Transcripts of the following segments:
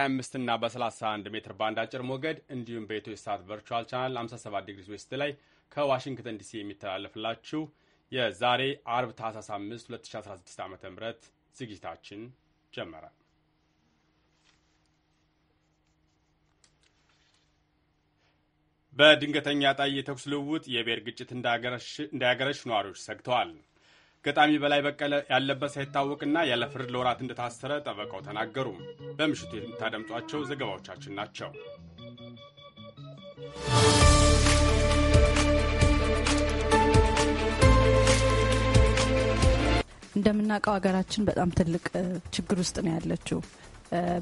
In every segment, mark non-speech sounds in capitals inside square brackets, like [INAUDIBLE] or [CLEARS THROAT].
በ25 እና በ31 ሜትር ባንድ አጭር ሞገድ እንዲሁም በኢትዮ ሳት ቨርቹዋል ቻናል 57 ዲግሪ ዌስት ላይ ከዋሽንግተን ዲሲ የሚተላለፍላችሁ የዛሬ አርብ ታህሳስ 5 2016 ዓ ም ዝግጅታችን ጀመረ። በድንገተኛ ጣይ የተኩስ ልውውጥ የብሔር ግጭት እንዳያገረሽ ነዋሪዎች ሰግተዋል። ገጣሚ በላይ በቀለ ያለበት ሳይታወቅና ያለ ፍርድ ለወራት እንደታሰረ ጠበቃው ተናገሩ። በምሽቱ የምታደምጧቸው ዘገባዎቻችን ናቸው። እንደምናውቀው ሀገራችን በጣም ትልቅ ችግር ውስጥ ነው ያለችው።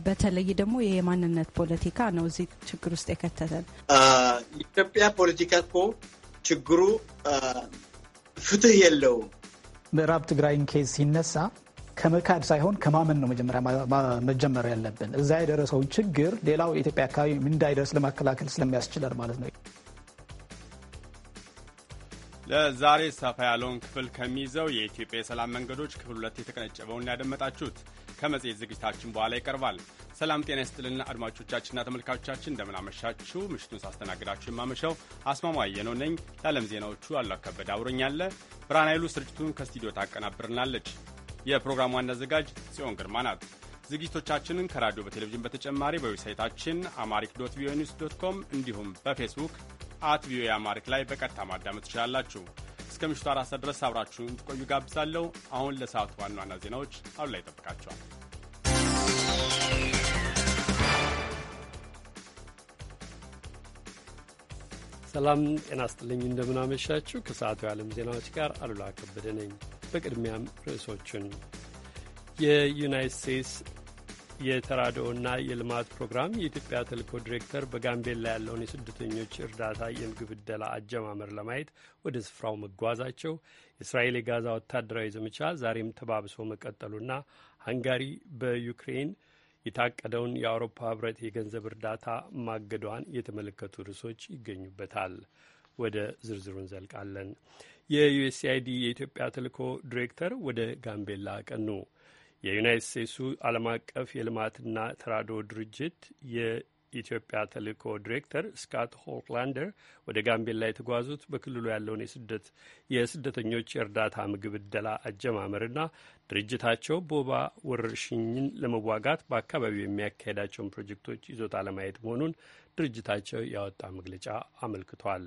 በተለይ ደግሞ ይህ የማንነት ፖለቲካ ነው እዚህ ችግር ውስጥ የከተተን። ኢትዮጵያ ፖለቲካ እኮ ችግሩ ፍትህ የለውም ምዕራብ ትግራይን ኬዝ ሲነሳ ከመካድ ሳይሆን ከማመን ነው መጀመሪያ ያለብን። እዛ የደረሰውን ችግር ሌላው የኢትዮጵያ አካባቢ እንዳይደርስ ለማከላከል ስለሚያስችለን ማለት ነው። ለዛሬ ሰፋ ያለውን ክፍል ከሚይዘው የኢትዮጵያ የሰላም መንገዶች ክፍል ሁለት የተቀነጨበውን ያደመጣችሁት ከመጽሔት ዝግጅታችን በኋላ ይቀርባል። ሰላም ጤና ይስጥልና አድማጮቻችንና ተመልካቾቻችን እንደምናመሻችሁ። ምሽቱን ሳስተናግዳችሁ የማመሻው አስማማየ ነው ነኝ። ለዓለም ዜናዎቹ አሉ ከበደ አብሮኛለ። ብርሃን ኃይሉ ስርጭቱን ከስቱዲዮ ታቀናብርናለች። የፕሮግራሙ ዋና አዘጋጅ ጽዮን ግርማ ናት። ዝግጅቶቻችንን ከራዲዮ በቴሌቪዥን በተጨማሪ በዌብሳይታችን አማሪክ ዶት ቪኦኤ ኒውስ ዶት ኮም እንዲሁም በፌስቡክ አት ቪኦኤ አማሪክ ላይ በቀጥታ ማዳመጥ ትችላላችሁ። እስከ ምሽቱ አራት ሰዓት ድረስ አብራችሁን ትቆዩ ጋብዛለሁ። አሁን ለሰዓቱ ዋና ዋና ዜናዎች አሉ ላይ ይጠብቃቸዋል። ሰላም ጤና ስጥልኝ፣ እንደምናመሻችሁ። ከሰዓቱ የዓለም ዜናዎች ጋር አሉላ ከበደ ነኝ። በቅድሚያም ርዕሶቹን የዩናይት ስቴትስ የተራድኦና የልማት ፕሮግራም የኢትዮጵያ ተልዕኮ ዲሬክተር በጋምቤላ ያለውን የስደተኞች እርዳታ የምግብ እደላ አጀማመር ለማየት ወደ ስፍራው መጓዛቸው፣ የእስራኤል የጋዛ ወታደራዊ ዘመቻ ዛሬም ተባብሶ መቀጠሉና ሃንጋሪ በዩክሬን የታቀደውን የአውሮፓ ህብረት የገንዘብ እርዳታ ማገዷን የተመለከቱ ርዕሶች ይገኙበታል። ወደ ዝርዝሩ እንዘልቃለን። የዩኤስአይዲ የኢትዮጵያ ተልዕኮ ዲሬክተር ወደ ጋምቤላ አቀኑ። የዩናይት ስቴትሱ ዓለም አቀፍ የልማትና ተራድኦ ድርጅት የኢትዮጵያ ተልእኮ ዲሬክተር ስካት ሆክላንደር ወደ ጋምቤላ የተጓዙት በክልሉ ያለውን የስደት የስደተኞች የእርዳታ ምግብ እደላ አጀማመርና ድርጅታቸው ቦባ ወረርሽኝን ለመዋጋት በአካባቢው የሚያካሄዳቸውን ፕሮጀክቶች ይዞታ ለማየት መሆኑን ድርጅታቸው ያወጣ መግለጫ አመልክቷል።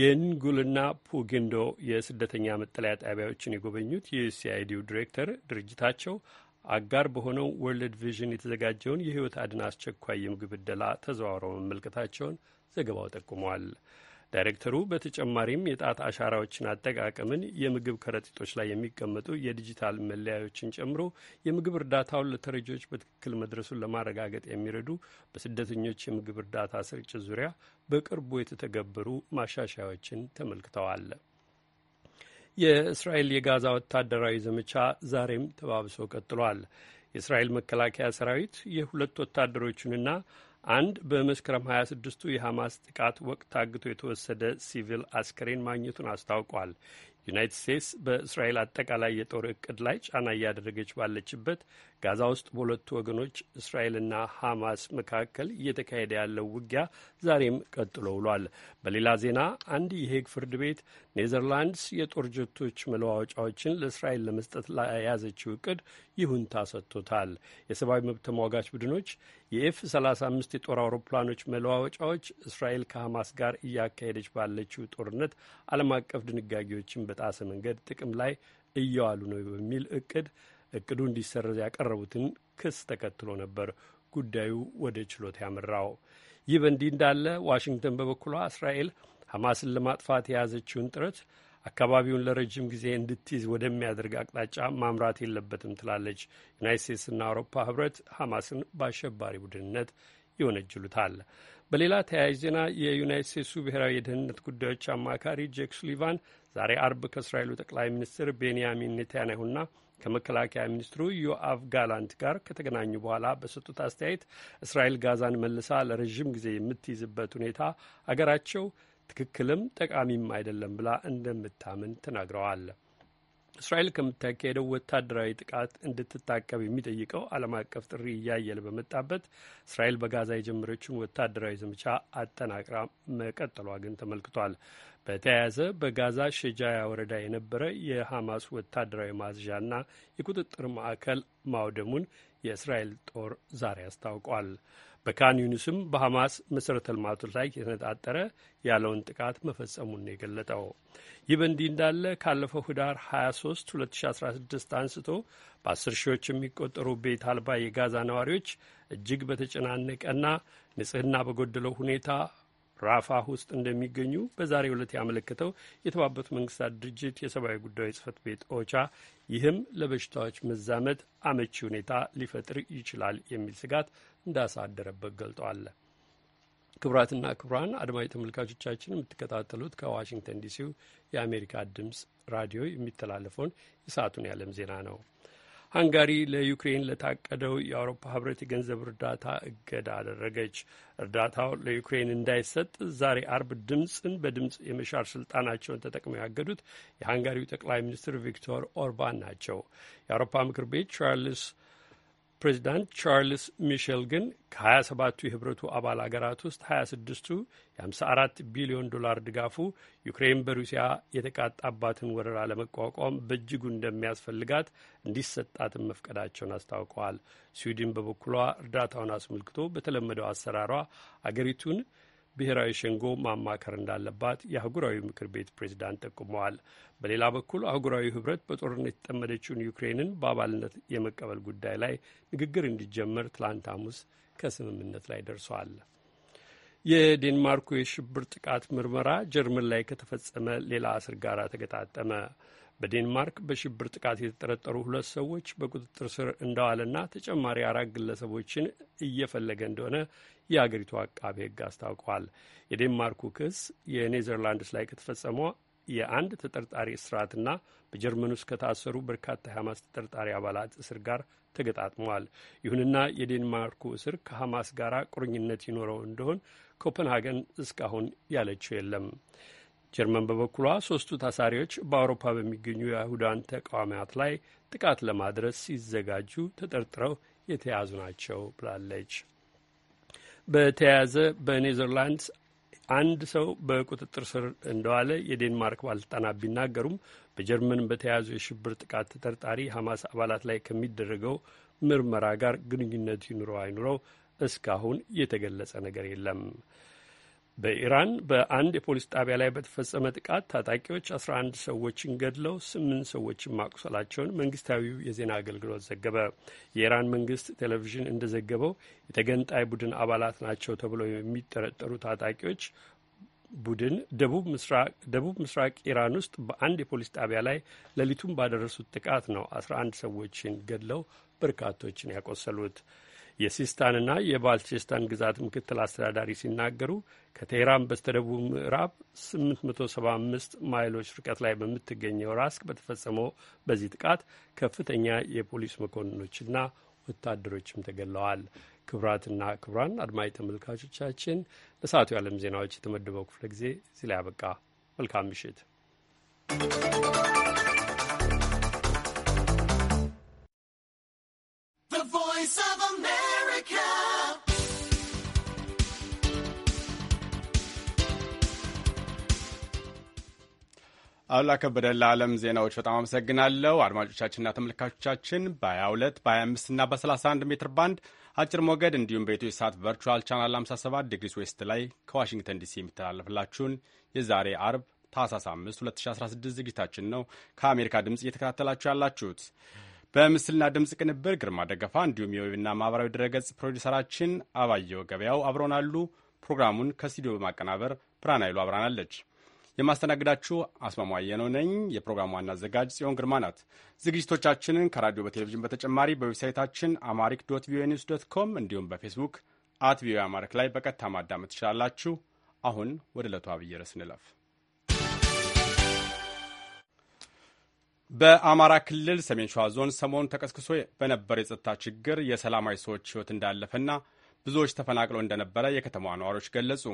የንጉልና ፑግንዶ የስደተኛ መጠለያ ጣቢያዎችን የጎበኙት የዩሲአይዲው ዲሬክተር ድርጅታቸው አጋር በሆነው ወርልድ ቪዥን የተዘጋጀውን የህይወት አድን አስቸኳይ የምግብ እደላ ተዘዋውረው መመልከታቸውን ዘገባው ጠቁመዋል። ዳይሬክተሩ በተጨማሪም የጣት አሻራዎችን አጠቃቀምን፣ የምግብ ከረጢቶች ላይ የሚቀመጡ የዲጂታል መለያዮችን ጨምሮ የምግብ እርዳታውን ለተረጂዎች በትክክል መድረሱን ለማረጋገጥ የሚረዱ በስደተኞች የምግብ እርዳታ ስርጭት ዙሪያ በቅርቡ የተተገበሩ ማሻሻያዎችን ተመልክተዋል። የእስራኤል የጋዛ ወታደራዊ ዘመቻ ዛሬም ተባብሶ ቀጥሏል። የእስራኤል መከላከያ ሰራዊት የሁለት ወታደሮቹንና አንድ በመስከረም 26ቱ የሐማስ ጥቃት ወቅት ታግቶ የተወሰደ ሲቪል አስከሬን ማግኘቱን አስታውቋል። ዩናይትድ ስቴትስ በእስራኤል አጠቃላይ የጦር እቅድ ላይ ጫና እያደረገች ባለችበት ጋዛ ውስጥ በሁለቱ ወገኖች እስራኤልና ሐማስ መካከል እየተካሄደ ያለው ውጊያ ዛሬም ቀጥሎ ውሏል። በሌላ ዜና አንድ የሄግ ፍርድ ቤት ኔዘርላንድስ የጦር ጀቶች መለዋወጫዎችን ለእስራኤል ለመስጠት ለያዘችው እቅድ ይሁንታ ሰጥቶታል። የሰብአዊ መብት ተሟጋች ቡድኖች የኤፍ 35 የጦር አውሮፕላኖች መለዋወጫዎች እስራኤል ከሐማስ ጋር እያካሄደች ባለችው ጦርነት ዓለም አቀፍ ድንጋጌዎችን በጣሰ መንገድ ጥቅም ላይ እየዋሉ ነው በሚል እቅድ እቅዱ እንዲሰረዝ ያቀረቡትን ክስ ተከትሎ ነበር ጉዳዩ ወደ ችሎት ያመራው። ይህ በእንዲህ እንዳለ ዋሽንግተን በበኩሏ እስራኤል ሐማስን ለማጥፋት የያዘችውን ጥረት አካባቢውን ለረጅም ጊዜ እንድትይዝ ወደሚያደርግ አቅጣጫ ማምራት የለበትም ትላለች። ዩናይት ስቴትስና አውሮፓ ህብረት ሐማስን በአሸባሪ ቡድንነት ይወነጅሉታል። በሌላ ተያያዥ ዜና የዩናይት ስቴትሱ ብሔራዊ የደህንነት ጉዳዮች አማካሪ ጄክ ሱሊቫን ዛሬ አርብ ከእስራኤሉ ጠቅላይ ሚኒስትር ቤንያሚን ኔታንያሁና ከመከላከያ ሚኒስትሩ ዮአቭ ጋላንት ጋር ከተገናኙ በኋላ በሰጡት አስተያየት እስራኤል ጋዛን መልሳ ለረዥም ጊዜ የምትይዝበት ሁኔታ አገራቸው ትክክልም ጠቃሚም አይደለም ብላ እንደምታምን ተናግረዋል። እስራኤል ከምታካሄደው ወታደራዊ ጥቃት እንድትታቀብ የሚጠይቀው ዓለም አቀፍ ጥሪ እያየለ በመጣበት እስራኤል በጋዛ የጀመረችውን ወታደራዊ ዘመቻ አጠናቅራ መቀጠሏ ግን ተመልክቷል። በተያያዘ በጋዛ ሸጃያ ወረዳ የነበረ የሐማስ ወታደራዊ ማዝዣና የቁጥጥር ማዕከል ማውደሙን የእስራኤል ጦር ዛሬ አስታውቋል። በካን ዩኒስም በሐማስ መሠረተ ልማቶች ላይ የተነጣጠረ ያለውን ጥቃት መፈጸሙን የገለጠው ይህ በእንዲህ እንዳለ ካለፈው ህዳር 23 2016 አንስቶ በ10 ሺዎች የሚቆጠሩ ቤት አልባ የጋዛ ነዋሪዎች እጅግ በተጨናነቀና ንጽህና በጎደለው ሁኔታ ራፋህ ውስጥ እንደሚገኙ በዛሬው ዕለት ያመለከተው የተባበሩት መንግስታት ድርጅት የሰብአዊ ጉዳዮች ጽህፈት ቤት ኦቻ፣ ይህም ለበሽታዎች መዛመት አመቺ ሁኔታ ሊፈጥር ይችላል የሚል ስጋት እንዳሳደረበት ገልጠዋል። ክቡራትና ክቡራን አድማጭ ተመልካቾቻችን የምትከታተሉት ከዋሽንግተን ዲሲው የአሜሪካ ድምፅ ራዲዮ የሚተላለፈውን የሰዓቱን የዓለም ዜና ነው። ሃንጋሪ ለዩክሬን ለታቀደው የአውሮፓ ህብረት የገንዘብ እርዳታ እገዳ አደረገች። እርዳታው ለዩክሬን እንዳይሰጥ ዛሬ አርብ ድምፅን በድምፅ የመሻር ስልጣናቸውን ተጠቅመው ያገዱት የሃንጋሪው ጠቅላይ ሚኒስትር ቪክቶር ኦርባን ናቸው። የአውሮፓ ምክር ቤት ቻርልስ ፕሬዚዳንት ቻርልስ ሚሼል ግን ከ27ቱ የህብረቱ አባል አገራት ውስጥ 26ቱ የ54 ቢሊዮን ዶላር ድጋፉ ዩክሬን በሩሲያ የተቃጣባትን ወረራ ለመቋቋም በእጅጉ እንደሚያስፈልጋት እንዲሰጣትን መፍቀዳቸውን አስታውቀዋል። ስዊድን በበኩሏ እርዳታውን አስመልክቶ በተለመደው አሰራሯ አገሪቱን ብሔራዊ ሸንጎ ማማከር እንዳለባት የአህጉራዊ ምክር ቤት ፕሬዚዳንት ጠቁመዋል። በሌላ በኩል አህጉራዊ ህብረት በጦርነት የተጠመደችውን ዩክሬንን በአባልነት የመቀበል ጉዳይ ላይ ንግግር እንዲጀመር ትላንት ሐሙስ ከስምምነት ላይ ደርሷል። የዴንማርኩ የሽብር ጥቃት ምርመራ ጀርመን ላይ ከተፈጸመ ሌላ እስር ጋር ተገጣጠመ። በዴንማርክ በሽብር ጥቃት የተጠረጠሩ ሁለት ሰዎች በቁጥጥር ስር እንደዋለና ተጨማሪ አራት ግለሰቦችን እየፈለገ እንደሆነ የአገሪቱ አቃቤ ሕግ አስታውቋል። የዴንማርኩ ክስ የኔዘርላንድስ ላይ ከተፈጸመ የአንድ ተጠርጣሪ እስራትና በጀርመን ውስጥ ከታሰሩ በርካታ የሐማስ ተጠርጣሪ አባላት እስር ጋር ተገጣጥመዋል። ይሁንና የዴንማርኩ እስር ከሐማስ ጋር ቁርኝነት ይኖረው እንደሆን ኮፐንሃገን እስካሁን ያለችው የለም። ጀርመን በበኩሏ ሶስቱ ታሳሪዎች በአውሮፓ በሚገኙ የአይሁዳን ተቃዋሚያት ላይ ጥቃት ለማድረስ ሲዘጋጁ ተጠርጥረው የተያዙ ናቸው ብላለች። በተያያዘ በኔዘርላንድስ አንድ ሰው በቁጥጥር ስር እንደዋለ የዴንማርክ ባለስልጣናት ቢናገሩም በጀርመን በተያያዙ የሽብር ጥቃት ተጠርጣሪ ሀማስ አባላት ላይ ከሚደረገው ምርመራ ጋር ግንኙነት ይኑረው አይኑረው እስካሁን የተገለጸ ነገር የለም። በኢራን በአንድ የፖሊስ ጣቢያ ላይ በተፈጸመ ጥቃት ታጣቂዎች 11 ሰዎችን ገድለው ስምንት ሰዎችን ማቁሰላቸውን መንግስታዊው የዜና አገልግሎት ዘገበ። የኢራን መንግስት ቴሌቪዥን እንደዘገበው የተገንጣይ ቡድን አባላት ናቸው ተብለው የሚጠረጠሩ ታጣቂዎች ቡድን ደቡብ ምስራቅ ኢራን ውስጥ በአንድ የፖሊስ ጣቢያ ላይ ሌሊቱን ባደረሱት ጥቃት ነው 11 ሰዎችን ገድለው በርካቶችን ያቆሰሉት። የሲስታንና የባልቼስታን ግዛት ምክትል አስተዳዳሪ ሲናገሩ ከቴህራን በስተደቡብ ምዕራብ 875 ማይሎች ርቀት ላይ በምትገኘው ራስክ በተፈጸመው በዚህ ጥቃት ከፍተኛ የፖሊስ መኮንኖችና ወታደሮችም ተገለዋል። ክቡራትና ክቡራን አድማጭ ተመልካቾቻችን ለሰዓቱ የዓለም ዜናዎች የተመደበው ክፍለ ጊዜ እዚህ ላይ ያበቃ። መልካም ምሽት። አሉላ ከበደ ለዓለም ዜናዎች በጣም አመሰግናለሁ። አድማጮቻችንና ተመልካቾቻችን በ22 በ25 እና በ31 ሜትር ባንድ አጭር ሞገድ እንዲሁም በኢትዮ ሳት ቨርቹዋል ቻናል 57 ዲግሪስ ዌስት ላይ ከዋሽንግተን ዲሲ የሚተላለፍላችሁን የዛሬ አርብ ታህሳስ 5 2016 ዝግጅታችን ነው ከአሜሪካ ድምፅ እየተከታተላችሁ ያላችሁት። በምስልና ድምፅ ቅንብር ግርማ ደገፋ እንዲሁም የዌብና ማህበራዊ ድረገጽ ፕሮዲሰራችን አባየው ገበያው አብረናሉ። ፕሮግራሙን ከስቱዲዮ በማቀናበር ብርሃን ኃይሉ አብራናለች። የማስተናግዳችሁ አስማማየ ነው ነኝ። የፕሮግራም ዋና አዘጋጅ ጽዮን ግርማ ናት። ዝግጅቶቻችንን ከራዲዮ በቴሌቪዥን በተጨማሪ በዌብሳይታችን አማሪክ ዶት ቪኦኤ ኒውስ ዶት ኮም እንዲሁም በፌስቡክ አት ቪኦኤ አማሪክ ላይ በቀጥታ ማዳመጥ ትችላላችሁ። አሁን ወደ ዕለቱ አብይ ርዕስ እንለፍ። በአማራ ክልል ሰሜን ሸዋ ዞን ሰሞኑ ተቀስቅሶ በነበረ የጸጥታ ችግር የሰላማዊ ሰዎች ሕይወት እንዳለፈና ብዙዎች ተፈናቅለው እንደነበረ የከተማዋ ነዋሪዎች ገለጹ።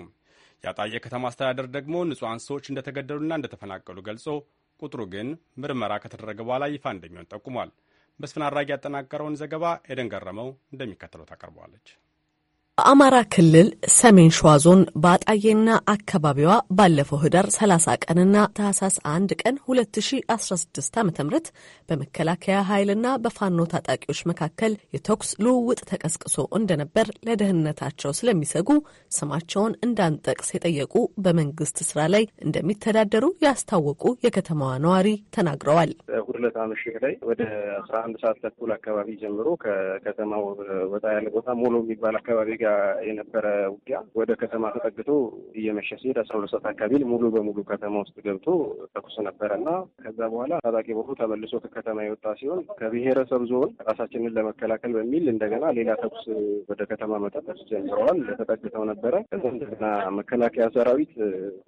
የአጣየ ከተማ አስተዳደር ደግሞ ንጹሐን ሰዎች እንደተገደሉና እንደተፈናቀሉ ገልጾ ቁጥሩ ግን ምርመራ ከተደረገ በኋላ ይፋ እንደሚሆን ጠቁሟል። መስፍን አድራጊ ያጠናቀረውን ዘገባ ኤደን ገረመው እንደሚከተለው ታቀርበዋለች። በአማራ ክልል ሰሜን ሸዋ ዞን በአጣዬና አካባቢዋ ባለፈው ህዳር 30 ቀንና ታህሳስ 1 ቀን 2016 ዓ ም በመከላከያ ኃይልና በፋኖ ታጣቂዎች መካከል የተኩስ ልውውጥ ተቀስቅሶ እንደነበር ለደህንነታቸው ስለሚሰጉ ስማቸውን እንዳንጠቅስ የጠየቁ በመንግስት ስራ ላይ እንደሚተዳደሩ ያስታወቁ የከተማዋ ነዋሪ ተናግረዋል። ሁድለታ ምሽት ላይ ወደ 11 ሰዓት ተኩል አካባቢ ጀምሮ ከከተማው ወጣ ያለ ቦታ ሞሎ የሚባል አካባቢ ጋር የነበረ ውጊያ ወደ ከተማ ተጠግቶ እየመሸ ሲሄድ አስራ ሁለት ሰዓት አካባቢ ሙሉ በሙሉ ከተማ ውስጥ ገብቶ ተኩስ ነበረ እና ከዛ በኋላ ታጣቂ ቦሩ ተመልሶ ከከተማ የወጣ ሲሆን ከብሔረሰብ ዞን ራሳችንን ለመከላከል በሚል እንደገና ሌላ ተኩስ ወደ ከተማ መጠጠስ ጀምረዋል። ተጠግተው ነበረ። ከዛ እንደገና መከላከያ ሰራዊት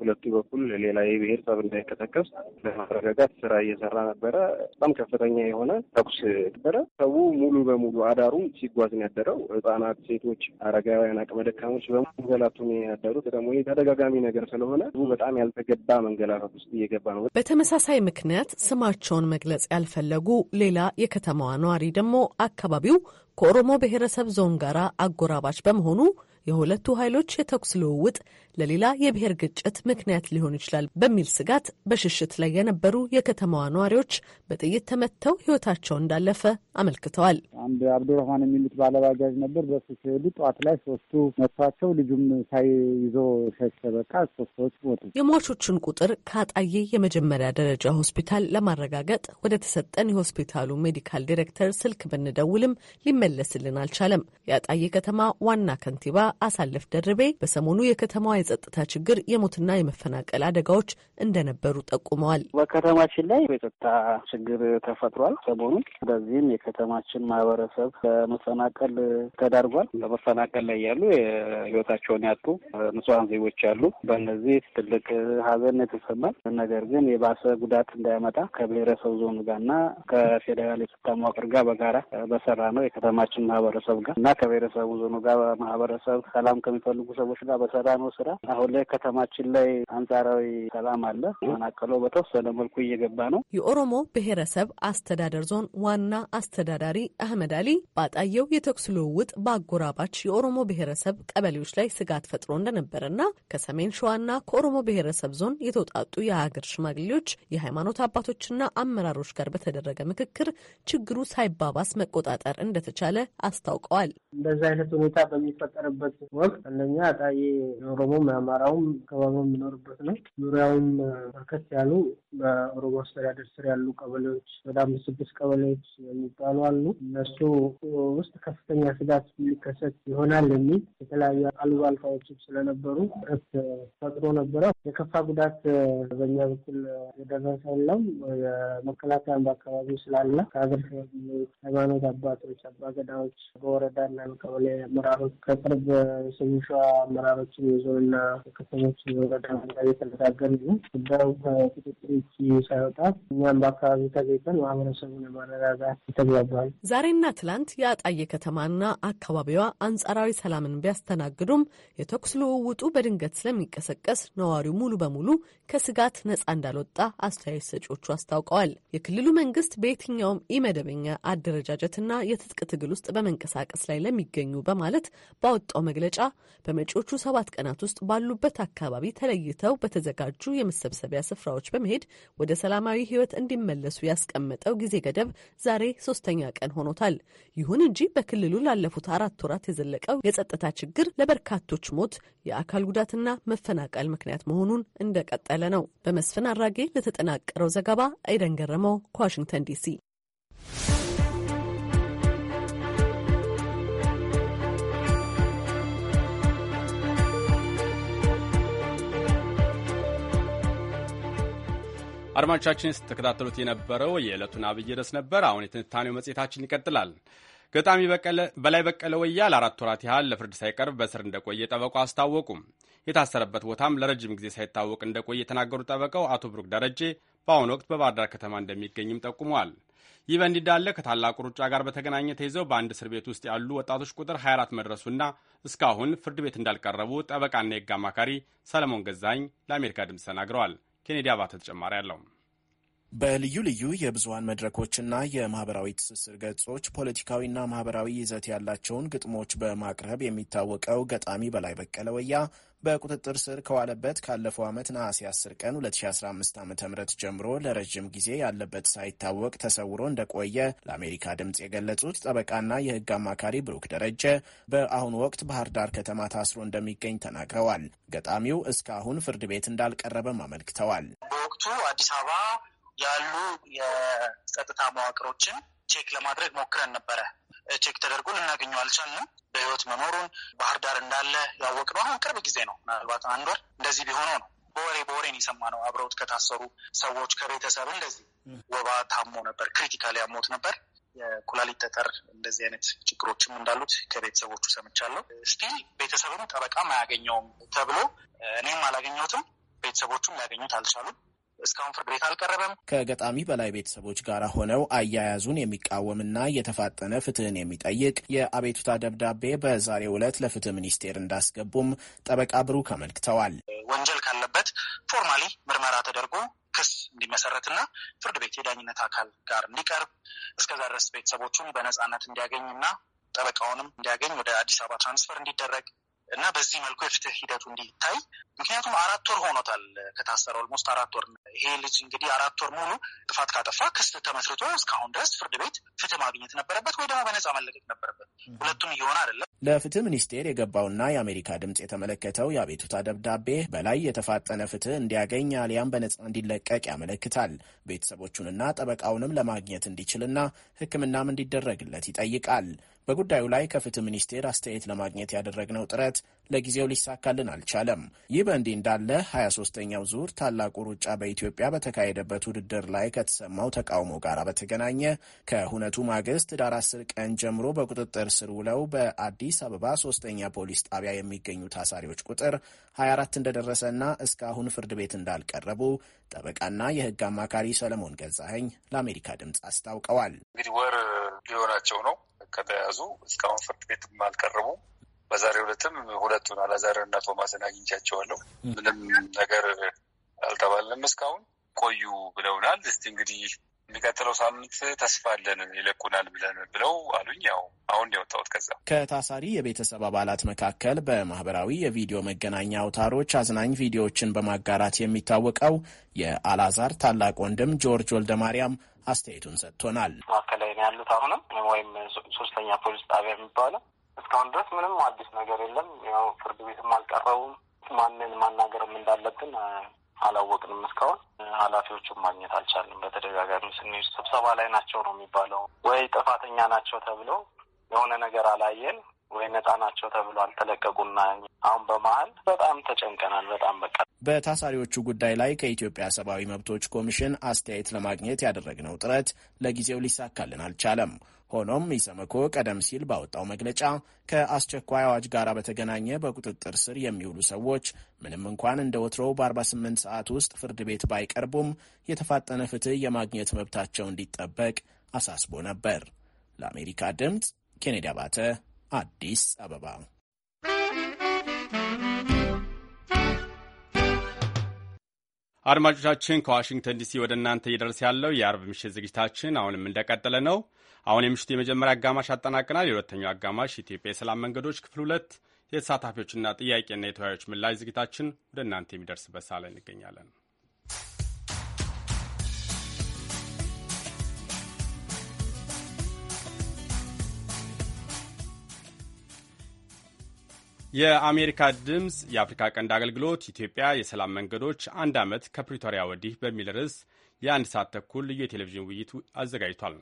ሁለቱ በኩል ሌላ የብሔረሰብ እንዳይቀሰቀስ ለማረጋጋት ስራ እየሰራ ነበረ። በጣም ከፍተኛ የሆነ ተኩስ ነበረ። ሰው ሙሉ በሙሉ አዳሩ ሲጓዝ ነው ያደረው። ህጻናት፣ ሴቶች፣ አረጋ ኢትዮጵያውያን አቅመ ደካሞች በመንገላቱ ነው ያደሩት። ደግሞ ይህ ተደጋጋሚ ነገር ስለሆነ ህዝቡ በጣም ያልተገባ መንገላታት ውስጥ እየገባ ነው። በተመሳሳይ ምክንያት ስማቸውን መግለጽ ያልፈለጉ ሌላ የከተማዋ ነዋሪ ደግሞ አካባቢው ከኦሮሞ ብሔረሰብ ዞን ጋር አጎራባች በመሆኑ የሁለቱ ኃይሎች የተኩስ ልውውጥ ለሌላ የብሔር ግጭት ምክንያት ሊሆን ይችላል በሚል ስጋት በሽሽት ላይ የነበሩ የከተማዋ ነዋሪዎች በጥይት ተመተው ህይወታቸው እንዳለፈ አመልክተዋል። አንድ አብዱረህማን የሚሉት ባለባጃጅ ነበር። በሱ ሲሄዱ ጠዋት ላይ ሶስቱ መቷቸው፣ ልጁም ሳይዞ ሸሸ። በቃ ሶስት ሰዎች ሞቱ። የሟቾቹን ቁጥር ከአጣዬ የመጀመሪያ ደረጃ ሆስፒታል ለማረጋገጥ ወደ ተሰጠን የሆስፒታሉ ሜዲካል ዲሬክተር ስልክ ብንደውልም ሊመለስልን አልቻለም። የአጣዬ ከተማ ዋና ከንቲባ አሳልፍ ደርቤ በሰሞኑ የከተማዋ የጸጥታ ችግር፣ የሞትና የመፈናቀል አደጋዎች እንደነበሩ ጠቁመዋል። በከተማችን ላይ የጸጥታ ችግር ተፈጥሯል። ሰሞኑን በዚህም የከተማችን ማህበረሰብ ለመፈናቀል ተዳርጓል። በመፈናቀል ላይ ያሉ ህይወታቸውን ያጡ ንጹሐን ዜጎች አሉ። በእነዚህ ትልቅ ሀዘን የተሰማል። ነገር ግን የባሰ ጉዳት እንዳያመጣ ከብሔረሰብ ዞኑ ጋርና ከፌዴራል የጸጥታ መዋቅር ጋር በጋራ በሰራ ነው የከተማችን ማህበረሰብ ጋር እና ከብሔረሰቡ ዞኑ ጋር ማህበረሰብ ሰላም ከሚፈልጉ ሰዎች ጋር በሰራ ነው ስራ አሁን ላይ ከተማችን ላይ አንጻራዊ ሰላም አለ። ተፈናቅሎ በተወሰነ መልኩ እየገባ ነው። የኦሮሞ ብሔረሰብ አስተዳደር ዞን ዋና አስተዳዳሪ አህመድ አሊ ባጣየው የተኩስ ልውውጥ በአጎራባች የኦሮሞ ብሔረሰብ ቀበሌዎች ላይ ስጋት ፈጥሮ እንደነበረና ከሰሜን ሸዋና ከኦሮሞ ብሔረሰብ ዞን የተውጣጡ የሀገር ሽማግሌዎች፣ የሃይማኖት አባቶችና አመራሮች ጋር በተደረገ ምክክር ችግሩ ሳይባባስ መቆጣጠር እንደተቻለ አስታውቀዋል። እንደዚህ አይነት ሁኔታ በሚፈጠርበት ወቅት አንደኛ አጣዬ የኦሮሞ የአማራውም አካባቢ የሚኖርበት ነው። ዙሪያውም በርከት ያሉ በኦሮሞ አስተዳደር ስር ያሉ ቀበሌዎች ወደ አምስት ስድስት ቀበሌዎች የሚባሉ አሉ። እነሱ ውስጥ ከፍተኛ ስጋት ሊከሰት ይሆናል የሚል የተለያዩ አሉባልታዎችም ስለነበሩ ረት ፈጥሮ ነበረ። የከፋ ጉዳት በኛ በኩል የደረሰ የለም። የመከላከያን በአካባቢ ስላለ ከሀገር ሃይማኖት አባቶች፣ አባገዳዎች፣ በወረዳና ቀበሌ አመራሮች ከቅርብ ስሚሿ አመራሮችን የዞንና ከተሞች ወረዳ ጋር የተነጋገር ነው ጉዳዩ ከቁጥጥር ሳይወጣ እኛም በአካባቢው ተገኝተን ማህበረሰቡን ለማረጋጋት ተግባባል። ዛሬና ትላንት የአጣዬ ከተማና አካባቢዋ አንጻራዊ ሰላምን ቢያስተናግዱም የተኩስ ልውውጡ በድንገት ስለሚቀሰቀስ ነዋሪው ሙሉ በሙሉ ከስጋት ነጻ እንዳልወጣ አስተያየት ሰጪዎቹ አስታውቀዋል። የክልሉ መንግስት በየትኛውም ኢመደበኛ አደረጃጀትና የትጥቅ ትግል ውስጥ በመንቀሳቀስ ላይ ለሚገኙ በማለት ባወጣው መግለጫ በመጪዎቹ ሰባት ቀናት ውስጥ ባሉበት አካባቢ ተለይተው በተዘጋጁ የመሰብሰቢያ ስፍራዎች በመሄድ ወደ ሰላማዊ ሕይወት እንዲመለሱ ያስቀመጠው ጊዜ ገደብ ዛሬ ሶስተኛ ቀን ሆኖታል። ይሁን እንጂ በክልሉ ላለፉት አራት ወራት የዘለቀው የጸጥታ ችግር ለበርካቶች ሞት፣ የአካል ጉዳትና መፈናቀል ምክንያት መሆኑን እንደቀጠለ ነው። በመስፍን አራጌ ለተጠናቀረው ዘገባ አይደን ገረመው ከዋሽንግተን ዲሲ አድማጮቻችን ስትከታተሉት የነበረው የዕለቱን አብይ ርዕስ ነበር። አሁን የትንታኔው መጽሔታችን ይቀጥላል። ገጣሚ በላይ በቀለ ወያ ለአራት ወራት ያህል ለፍርድ ሳይቀርብ በስር እንደቆየ ጠበቁ አስታወቁም። የታሰረበት ቦታም ለረጅም ጊዜ ሳይታወቅ እንደቆየ የተናገሩት ጠበቃው አቶ ብሩክ ደረጄ በአሁኑ ወቅት በባህር ዳር ከተማ እንደሚገኝም ጠቁመዋል። ይህ በእንዲህ እንዳለ ከታላቁ ሩጫ ጋር በተገናኘ ተይዘው በአንድ እስር ቤት ውስጥ ያሉ ወጣቶች ቁጥር 24 መድረሱና እስካሁን ፍርድ ቤት እንዳልቀረቡ ጠበቃና የህግ አማካሪ ሰለሞን ገዛኝ ለአሜሪካ ድምፅ ተናግረዋል። ኬኔዲ አባተ ተጨማሪ አለው። በልዩ ልዩ የብዙሀን መድረኮችና የማህበራዊ ትስስር ገጾች ፖለቲካዊና ማህበራዊ ይዘት ያላቸውን ግጥሞች በማቅረብ የሚታወቀው ገጣሚ በላይ በቀለ ወያ በቁጥጥር ስር ከዋለበት ካለፈው ዓመት ነሐሴ 10 ቀን 2015 ዓ ም ጀምሮ ለረዥም ጊዜ ያለበት ሳይታወቅ ተሰውሮ እንደቆየ ለአሜሪካ ድምፅ የገለጹት ጠበቃና የህግ አማካሪ ብሩክ ደረጀ በአሁኑ ወቅት ባህር ዳር ከተማ ታስሮ እንደሚገኝ ተናግረዋል። ገጣሚው እስካሁን ፍርድ ቤት እንዳልቀረበም አመልክተዋል። በወቅቱ አዲስ አበባ ያሉ የጸጥታ መዋቅሮችን ቼክ ለማድረግ ሞክረን ነበረ። ቼክ ተደርጎ ልናገኘው አልቻልንም። በህይወት መኖሩን ባህር ዳር እንዳለ ያወቅነው አሁን ቅርብ ጊዜ ነው። ምናልባት አንድ ወር እንደዚህ ቢሆነው ነው። በወሬ በወሬን የሰማ ነው። አብረውት ከታሰሩ ሰዎች ከቤተሰብ እንደዚህ ወባ ታሞ ነበር፣ ክሪቲካል ያሞት ነበር። የኩላሊት ጠጠር እንደዚህ አይነት ችግሮችም እንዳሉት ከቤተሰቦቹ ሰምቻለሁ። ስቲል ቤተሰብም ጠበቃም አያገኘውም ተብሎ እኔም አላገኘሁትም፣ ቤተሰቦቹም ሊያገኙት አልቻሉም። እስካሁን ፍርድ ቤት አልቀረበም። ከገጣሚ በላይ ቤተሰቦች ጋር ሆነው አያያዙን የሚቃወምና የተፋጠነ ፍትህን የሚጠይቅ የአቤቱታ ደብዳቤ በዛሬው ዕለት ለፍትህ ሚኒስቴር እንዳስገቡም ጠበቃ ብሩክ አመልክተዋል። ወንጀል ካለበት ፎርማሊ ምርመራ ተደርጎ ክስ እንዲመሰረትና ፍርድ ቤት የዳኝነት አካል ጋር እንዲቀርብ እስከዛ ድረስ ቤተሰቦቹን በነጻነት እንዲያገኝና ጠበቃውንም እንዲያገኝ ወደ አዲስ አበባ ትራንስፈር እንዲደረግ እና በዚህ መልኩ የፍትህ ሂደቱ እንዲታይ ምክንያቱም አራት ወር ሆኖታል ከታሰረ ኦልሞስት አራት ወር። ይሄ ልጅ እንግዲህ አራት ወር ሙሉ ጥፋት ካጠፋ ክስ ተመስርቶ እስካሁን ድረስ ፍርድ ቤት ፍትህ ማግኘት ነበረበት ወይ ደግሞ በነጻ መለቀቅ ነበረበት። ሁለቱም እየሆነ አይደለም። ለፍትህ ሚኒስቴር የገባውና የአሜሪካ ድምፅ የተመለከተው የአቤቱታ ደብዳቤ በላይ የተፋጠነ ፍትህ እንዲያገኝ አሊያም በነፃ እንዲለቀቅ ያመለክታል። ቤተሰቦቹንና ጠበቃውንም ለማግኘት እንዲችልና ህክምናም እንዲደረግለት ይጠይቃል። በጉዳዩ ላይ ከፍትህ ሚኒስቴር አስተያየት ለማግኘት ያደረግነው ጥረት ለጊዜው ሊሳካልን አልቻለም። ይህ በእንዲህ እንዳለ 23ኛው ዙር ታላቁ ሩጫ በኢትዮጵያ በተካሄደበት ውድድር ላይ ከተሰማው ተቃውሞ ጋር በተገናኘ ከሁነቱ ማግስት ዳር 10 ቀን ጀምሮ በቁጥጥር ስር ውለው በአዲስ አበባ ሶስተኛ ፖሊስ ጣቢያ የሚገኙ ታሳሪዎች ቁጥር 24 እንደደረሰና እስካሁን ፍርድ ቤት እንዳልቀረቡ ጠበቃና የህግ አማካሪ ሰለሞን ገዛኸኝ ለአሜሪካ ድምፅ አስታውቀዋል። እንግዲህ ወር ሊሆናቸው ነው ከተያዙ እስካሁን ፍርድ ቤትም አልቀረቡም። በዛሬው ዕለትም ሁለቱን አላዛርን እና ቶማስን አግኝቻቸዋለሁ። ምንም ነገር አልተባልንም። እስካሁን ቆዩ ብለውናል። እስቲ እንግዲህ የሚቀጥለው ሳምንት ተስፋ አለን ይለቁናል ብለን ብለው አሉኝ። ያው አሁን የወጣሁት ከዛ ከታሳሪ የቤተሰብ አባላት መካከል በማህበራዊ የቪዲዮ መገናኛ አውታሮች አዝናኝ ቪዲዮዎችን በማጋራት የሚታወቀው የአላዛር ታላቅ ወንድም ጆርጅ ማርያም አስተያየቱን ሰጥቶናል። ማዕከላዊ ነው ያሉት አሁንም ወይም ሶስተኛ ፖሊስ ጣቢያ የሚባለው እስካሁን ድረስ ምንም አዲስ ነገር የለም። ያው ፍርድ ቤትም አልቀረቡም። ማንን ማናገርም እንዳለብን አላወቅንም። እስካሁን ኃላፊዎቹን ማግኘት አልቻልንም። በተደጋጋሚ ስንሄድ ስብሰባ ላይ ናቸው ነው የሚባለው። ወይ ጥፋተኛ ናቸው ተብሎ የሆነ ነገር አላየን ወይ ነፃ ናቸው ተብሎ አልተለቀቁና አሁን በመሀል በጣም ተጨንቀናል። በጣም በቃ በታሳሪዎቹ ጉዳይ ላይ ከኢትዮጵያ ሰብአዊ መብቶች ኮሚሽን አስተያየት ለማግኘት ያደረግነው ጥረት ለጊዜው ሊሳካልን አልቻለም። ሆኖም ኢሰመኮ ቀደም ሲል ባወጣው መግለጫ ከአስቸኳይ አዋጅ ጋር በተገናኘ በቁጥጥር ስር የሚውሉ ሰዎች ምንም እንኳን እንደ ወትሮው በ48 ሰዓት ውስጥ ፍርድ ቤት ባይቀርቡም የተፋጠነ ፍትህ የማግኘት መብታቸው እንዲጠበቅ አሳስቦ ነበር። ለአሜሪካ ድምፅ ኬኔዲ አባተ አዲስ አበባ። አድማጮቻችን ከዋሽንግተን ዲሲ ወደ እናንተ እየደርስ ያለው የአርብ ምሽት ዝግጅታችን አሁንም እንደቀጠለ ነው። አሁን የምሽቱ የመጀመሪያ አጋማሽ አጠናቅናል። የሁለተኛው አጋማሽ ኢትዮጵያ የሰላም መንገዶች ክፍል ሁለት የተሳታፊዎችና ጥያቄና የተወያዮች ምላሽ ዝግጅታችን ወደ እናንተ የሚደርስበት ሰዓት ላይ እንገኛለን። የአሜሪካ ድምፅ የአፍሪካ ቀንድ አገልግሎት ኢትዮጵያ የሰላም መንገዶች አንድ ዓመት ከፕሪቶሪያ ወዲህ በሚል ርዕስ የአንድ ሰዓት ተኩል ልዩ የቴሌቪዥን ውይይት አዘጋጅቷል።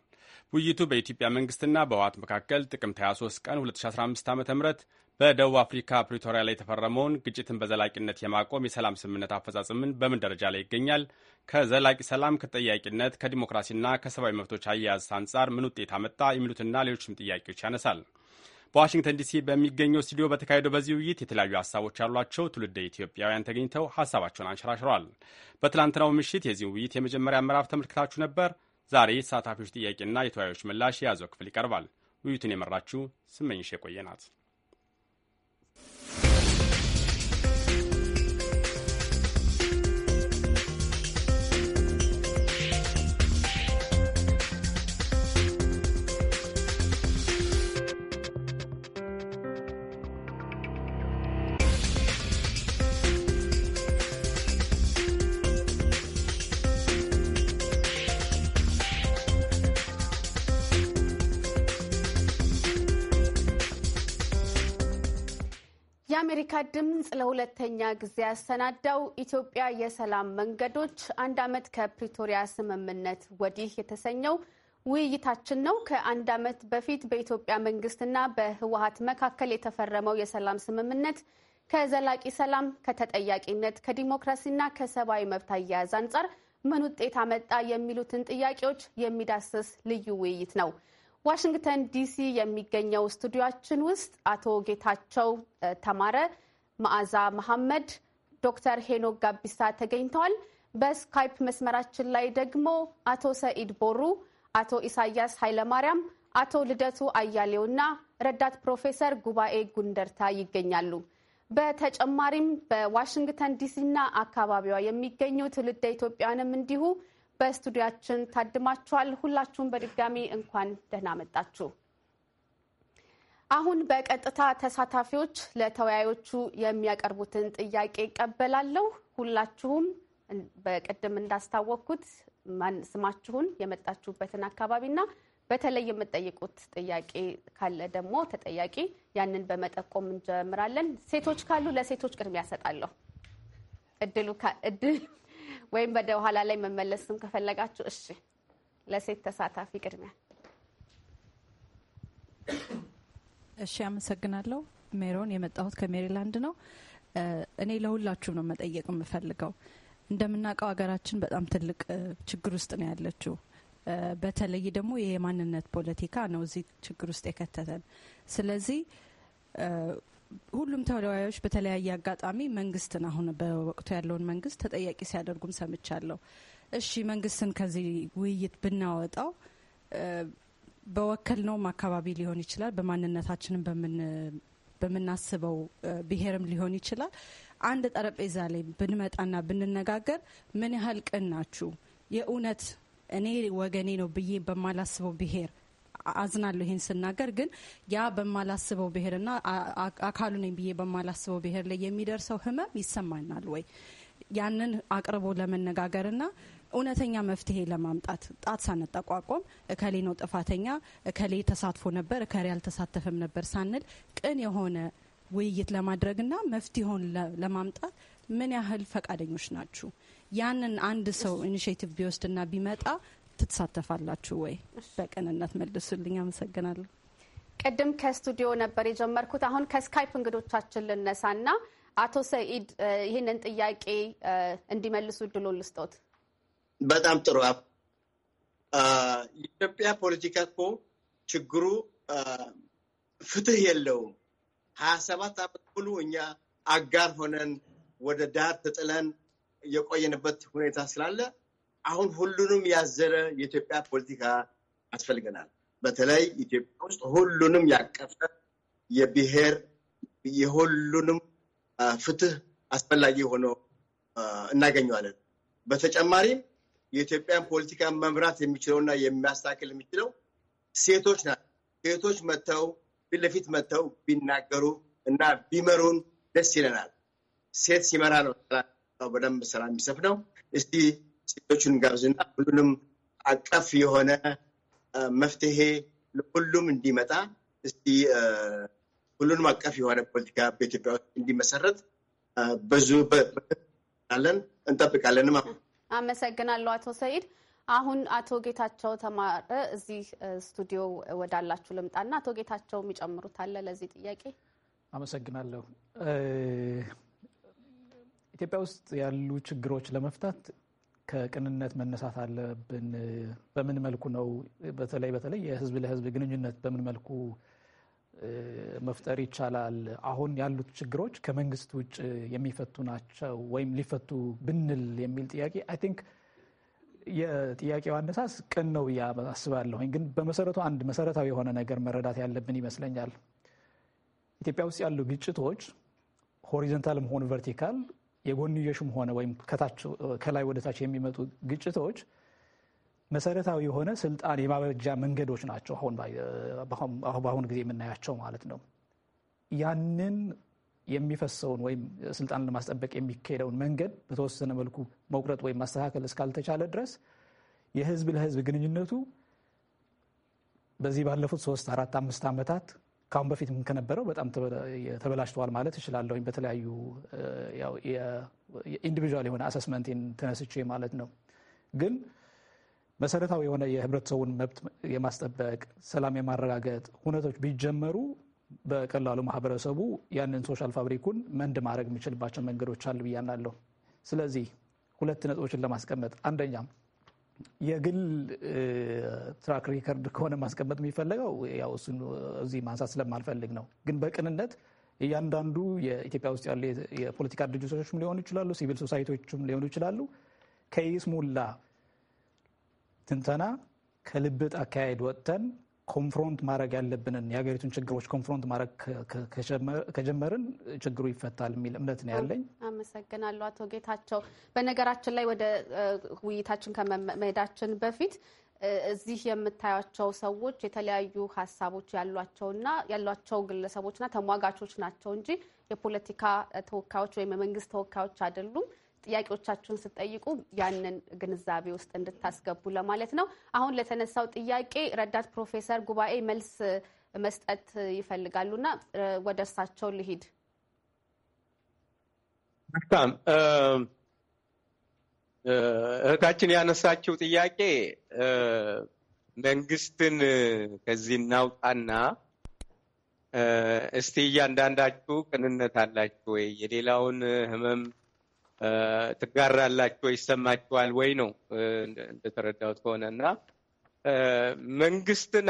ውይይቱ በኢትዮጵያ መንግስትና በህወሓት መካከል ጥቅምት 23 ቀን 2015 ዓ ም በደቡብ አፍሪካ ፕሪቶሪያ ላይ የተፈረመውን ግጭትን በዘላቂነት የማቆም የሰላም ስምምነት አፈጻጽምን በምን ደረጃ ላይ ይገኛል፣ ከዘላቂ ሰላም፣ ከተጠያቂነት፣ ከዲሞክራሲና ከሰብአዊ መብቶች አያያዝ አንጻር ምን ውጤት አመጣ የሚሉትና ሌሎችም ጥያቄዎች ያነሳል። በዋሽንግተን ዲሲ በሚገኘው ስቱዲዮ በተካሄደው በዚህ ውይይት የተለያዩ ሀሳቦች ያሏቸው ትውልደ ኢትዮጵያውያን ተገኝተው ሀሳባቸውን አንሸራሽረዋል። በትላንትናው ምሽት የዚህ ውይይት የመጀመሪያ ምዕራፍ ተመልክታችሁ ነበር። ዛሬ የተሳታፊዎች ጥያቄና የተወያዮች ምላሽ የያዘው ክፍል ይቀርባል። ውይይቱን የመራችሁ ስመኝሽ የቆየናት። የአሜሪካ ድምፅ ለሁለተኛ ጊዜ ያሰናዳው ኢትዮጵያ የሰላም መንገዶች አንድ ዓመት ከፕሪቶሪያ ስምምነት ወዲህ የተሰኘው ውይይታችን ነው። ከአንድ ዓመት በፊት በኢትዮጵያ መንግስትና በህወሀት መካከል የተፈረመው የሰላም ስምምነት ከዘላቂ ሰላም፣ ከተጠያቂነት፣ ከዲሞክራሲና ከሰብአዊ መብት አያያዝ አንጻር ምን ውጤት አመጣ የሚሉትን ጥያቄዎች የሚዳስስ ልዩ ውይይት ነው። ዋሽንግተን ዲሲ የሚገኘው ስቱዲዮችን ውስጥ አቶ ጌታቸው ተማረ፣ መዓዛ መሐመድ፣ ዶክተር ሄኖክ ጋቢሳ ተገኝተዋል። በስካይፕ መስመራችን ላይ ደግሞ አቶ ሰኢድ ቦሩ፣ አቶ ኢሳያስ ኃይለማርያም፣ አቶ ልደቱ አያሌውና ረዳት ፕሮፌሰር ጉባኤ ጉንደርታ ይገኛሉ። በተጨማሪም በዋሽንግተን ዲሲና አካባቢዋ የሚገኙ ትውልደ ኢትዮጵያንም እንዲሁ በስቱዲያችን ታድማችኋል። ሁላችሁም በድጋሚ እንኳን ደህና መጣችሁ። አሁን በቀጥታ ተሳታፊዎች ለተወያዮቹ የሚያቀርቡትን ጥያቄ ይቀበላለሁ። ሁላችሁም በቅድም እንዳስታወቅኩት ስማችሁን፣ የመጣችሁበትን አካባቢና በተለይ የምጠይቁት ጥያቄ ካለ ደግሞ ተጠያቂ ያንን በመጠቆም እንጀምራለን። ሴቶች ካሉ ለሴቶች ቅድሚያ እሰጣለሁ። እድሉ ወይም ወደ ኋላ ላይ መመለስም ከፈለጋችሁ እሺ፣ ለሴት ተሳታፊ ቅድሚያ። እሺ፣ አመሰግናለሁ። ሜሮን፣ የመጣሁት ከሜሪላንድ ነው። እኔ ለሁላችሁም ነው መጠየቅ የምፈልገው። እንደምናውቀው ሀገራችን በጣም ትልቅ ችግር ውስጥ ነው ያለችው። በተለይ ደግሞ የማንነት ፖለቲካ ነው እዚህ ችግር ውስጥ የከተተን። ስለዚህ ሁሉም ተወዳዳሪዎች በተለያየ አጋጣሚ መንግስትን አሁን በወቅቱ ያለውን መንግስት ተጠያቂ ሲያደርጉም ሰምቻለሁ። እሺ መንግስትን ከዚህ ውይይት ብናወጣው በወከልነውም አካባቢ ሊሆን ይችላል፣ በማንነታችንም በምናስበው ብሔርም ሊሆን ይችላል። አንድ ጠረጴዛ ላይ ብንመጣና ብንነጋገር ምን ያህል ቅን ናችሁ? የእውነት እኔ ወገኔ ነው ብዬ በማላስበው ብሄር? አዝናለሁ ይህን ስናገር፣ ግን ያ በማላስበው ብሔርና አካሉ ነኝ ብዬ በማላስበው ብሔር ላይ የሚደርሰው ህመም ይሰማናል ወይ? ያንን አቅርቦ ለመነጋገርና እውነተኛ መፍትሄ ለማምጣት ጣት ሳንጠቋቋም እከሌ ነው ጥፋተኛ፣ እከሌ ተሳትፎ ነበር፣ እከሌ አልተሳተፈም ነበር ሳንል ቅን የሆነ ውይይት ለማድረግና መፍትሄውን ለማምጣት ምን ያህል ፈቃደኞች ናችሁ? ያንን አንድ ሰው ኢኒሽቲቭ ቢወስድና ቢመጣ ትሳተፋላችሁ ወይ? በቅንነት መልሱልኝ። አመሰግናለሁ። ቅድም ከስቱዲዮ ነበር የጀመርኩት። አሁን ከስካይፕ እንግዶቻችን ልነሳ እና አቶ ሰኢድ ይህንን ጥያቄ እንዲመልሱ ድሎ ልስጦት። በጣም ጥሩ። የኢትዮጵያ ፖለቲካ እኮ ችግሩ ፍትህ የለውም። ሀያ ሰባት ዓመት ሙሉ እኛ አጋር ሆነን ወደ ዳር ተጥለን የቆየንበት ሁኔታ ስላለ አሁን ሁሉንም ያዘረ የኢትዮጵያ ፖለቲካ ያስፈልገናል። በተለይ ኢትዮጵያ ውስጥ ሁሉንም ያቀፈ የብሔር የሁሉንም ፍትህ አስፈላጊ ሆኖ እናገኘዋለን። በተጨማሪም የኢትዮጵያን ፖለቲካ መምራት የሚችለውና የሚያስተካክል የሚችለው ሴቶች ናቸው። ሴቶች መጥተው ፊት ለፊት መጥተው ቢናገሩ እና ቢመሩን ደስ ይለናል። ሴት ሲመራ ነው በደንብ ስራ የሚሰፍ ነው። እስቲ ሴቶችን ጋብዝና ሁሉንም አቀፍ የሆነ መፍትሄ ለሁሉም እንዲመጣ እስቲ ሁሉንም አቀፍ የሆነ ፖለቲካ በኢትዮጵያ ውስጥ እንዲመሰረት ብዙ ለን እንጠብቃለንም። አመሰግናለሁ አቶ ሰይድ አሁን አቶ ጌታቸው ተማረ እዚህ ስቱዲዮ ወዳላችሁ ልምጣና አቶ ጌታቸው የሚጨምሩት አለ ለዚህ ጥያቄ? አመሰግናለሁ። ኢትዮጵያ ውስጥ ያሉ ችግሮች ለመፍታት ከቅንነት መነሳት አለብን። በምን መልኩ ነው በተለይ በተለይ የህዝብ ለህዝብ ግንኙነት በምን መልኩ መፍጠር ይቻላል? አሁን ያሉት ችግሮች ከመንግስት ውጭ የሚፈቱ ናቸው ወይም ሊፈቱ ብንል የሚል ጥያቄ አይ ቲንክ የጥያቄው አነሳስ ቅን ነው ብዬ አስባለሁኝ። ግን በመሰረቱ አንድ መሰረታዊ የሆነ ነገር መረዳት ያለብን ይመስለኛል። ኢትዮጵያ ውስጥ ያሉ ግጭቶች ሆሪዘንታልም ሆኑ ቨርቲካል የጎንዮሽም ሆነ ወይም ከላይ ወደታች የሚመጡ ግጭቶች መሰረታዊ የሆነ ስልጣን የማበጃ መንገዶች ናቸው። በአሁን ጊዜ የምናያቸው ማለት ነው። ያንን የሚፈሰውን ወይም ስልጣን ለማስጠበቅ የሚካሄደውን መንገድ በተወሰነ መልኩ መቁረጥ ወይም ማስተካከል እስካልተቻለ ድረስ የህዝብ ለህዝብ ግንኙነቱ በዚህ ባለፉት ሶስት አራት አምስት ዓመታት ከአሁን በፊት ከነበረው በጣም ተበላሽተዋል ማለት እችላለሁኝ። በተለያዩ ኢንዲቪዥዋል የሆነ አሰስመንት ተነስቼ ማለት ነው። ግን መሰረታዊ የሆነ የህብረተሰቡን መብት የማስጠበቅ ሰላም የማረጋገጥ ሁነቶች ቢጀመሩ በቀላሉ ማህበረሰቡ ያንን ሶሻል ፋብሪኩን መንድ ማድረግ የሚችልባቸው መንገዶች አሉ ብዬ ስለዚህ ሁለት ነጥቦችን ለማስቀመጥ አንደኛም የግል ትራክ ሪከርድ ከሆነ ማስቀመጥ የሚፈለገው ያው እሱን እዚህ ማንሳት ስለማልፈልግ ነው። ግን በቅንነት እያንዳንዱ የኢትዮጵያ ውስጥ ያሉ የፖለቲካ ድርጅቶችም ሊሆኑ ይችላሉ፣ ሲቪል ሶሳይቲዎችም ሊሆኑ ይችላሉ። ከይስሙላ ትንተና ከልብጥ አካሄድ ወጥተን ኮንፍሮንት ማድረግ ያለብንን የሀገሪቱን ችግሮች ኮንፍሮንት ማድረግ ከጀመርን ችግሩ ይፈታል የሚል እምነት ነው ያለኝ። አመሰግናለሁ አቶ ጌታቸው። በነገራችን ላይ ወደ ውይይታችን ከመሄዳችን በፊት እዚህ የምታያቸው ሰዎች የተለያዩ ሀሳቦች ያሏቸውና ያሏቸው ግለሰቦችና ተሟጋቾች ናቸው እንጂ የፖለቲካ ተወካዮች ወይም የመንግስት ተወካዮች አይደሉም። ጥያቄዎቻችሁን ስጠይቁ ያንን ግንዛቤ ውስጥ እንድታስገቡ ለማለት ነው። አሁን ለተነሳው ጥያቄ ረዳት ፕሮፌሰር ጉባኤ መልስ መስጠት ይፈልጋሉና ወደ እርሳቸው ልሂድ። መልካም እህታችን ያነሳችው ጥያቄ መንግስትን ከዚህ እናውጣና እስቲ እያንዳንዳችሁ ቅንነት አላችሁ ወይ? የሌላውን ህመም ትጋራላችሁ ይሰማችኋል ወይ ነው እንደተረዳሁት ከሆነ እና መንግስትን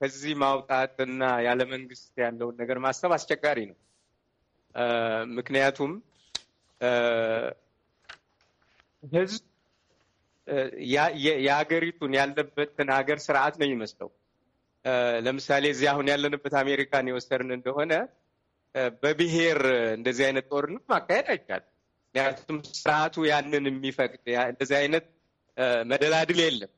ከዚህ ማውጣትና ያለ መንግስት ያለውን ነገር ማሰብ አስቸጋሪ ነው። ምክንያቱም ህዝብ የሀገሪቱን ያለበትን ሀገር ስርዓት ነው የሚመስለው። ለምሳሌ እዚህ አሁን ያለንበት አሜሪካን የወሰድን እንደሆነ በብሔር እንደዚህ አይነት ጦርነት ማካሄድ አይቻልም። ምክንያቱም ስርዓቱ ያንን የሚፈቅድ እንደዚህ አይነት መደላድል የለም።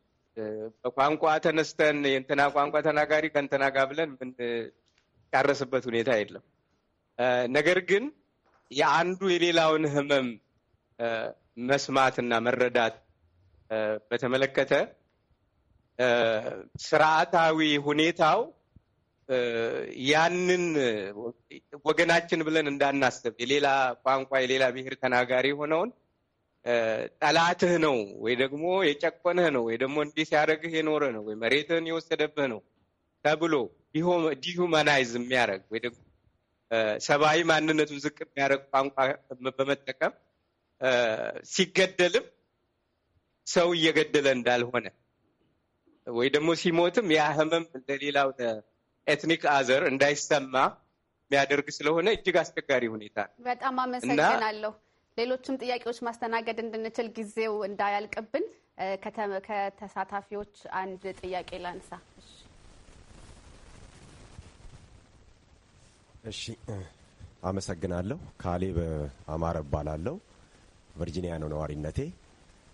በቋንቋ ተነስተን የእንትና ቋንቋ ተናጋሪ ከእንትና ጋር ብለን የምንጫረስበት ሁኔታ የለም። ነገር ግን የአንዱ የሌላውን ህመም መስማትና መረዳት በተመለከተ ስርዓታዊ ሁኔታው ያንን ወገናችን ብለን እንዳናስብ የሌላ ቋንቋ የሌላ ብሔር ተናጋሪ የሆነውን ጠላትህ ነው ወይ ደግሞ የጨቆንህ ነው ወይ ደግሞ እንዲህ ሲያደርግህ የኖረ ነው ወይ መሬትህን የወሰደብህ ነው ተብሎ ዲሁማናይዝ የሚያደርግ ወይ ደግሞ ሰብአዊ ማንነቱን ዝቅ የሚያደርግ ቋንቋ በመጠቀም ሲገደልም ሰው እየገደለ እንዳልሆነ ወይ ደግሞ ሲሞትም ያ ህመም እንደሌላው ኤትኒክ አዘር እንዳይሰማ የሚያደርግ ስለሆነ እጅግ አስቸጋሪ ሁኔታ ነው። በጣም አመሰግናለሁ። ሌሎችም ጥያቄዎች ማስተናገድ እንድንችል ጊዜው እንዳያልቅብን ከተሳታፊዎች አንድ ጥያቄ ላንሳ። እሺ፣ አመሰግናለሁ። ካሌብ አማረ እባላለሁ። ቨርጂኒያ ነው ነዋሪነቴ።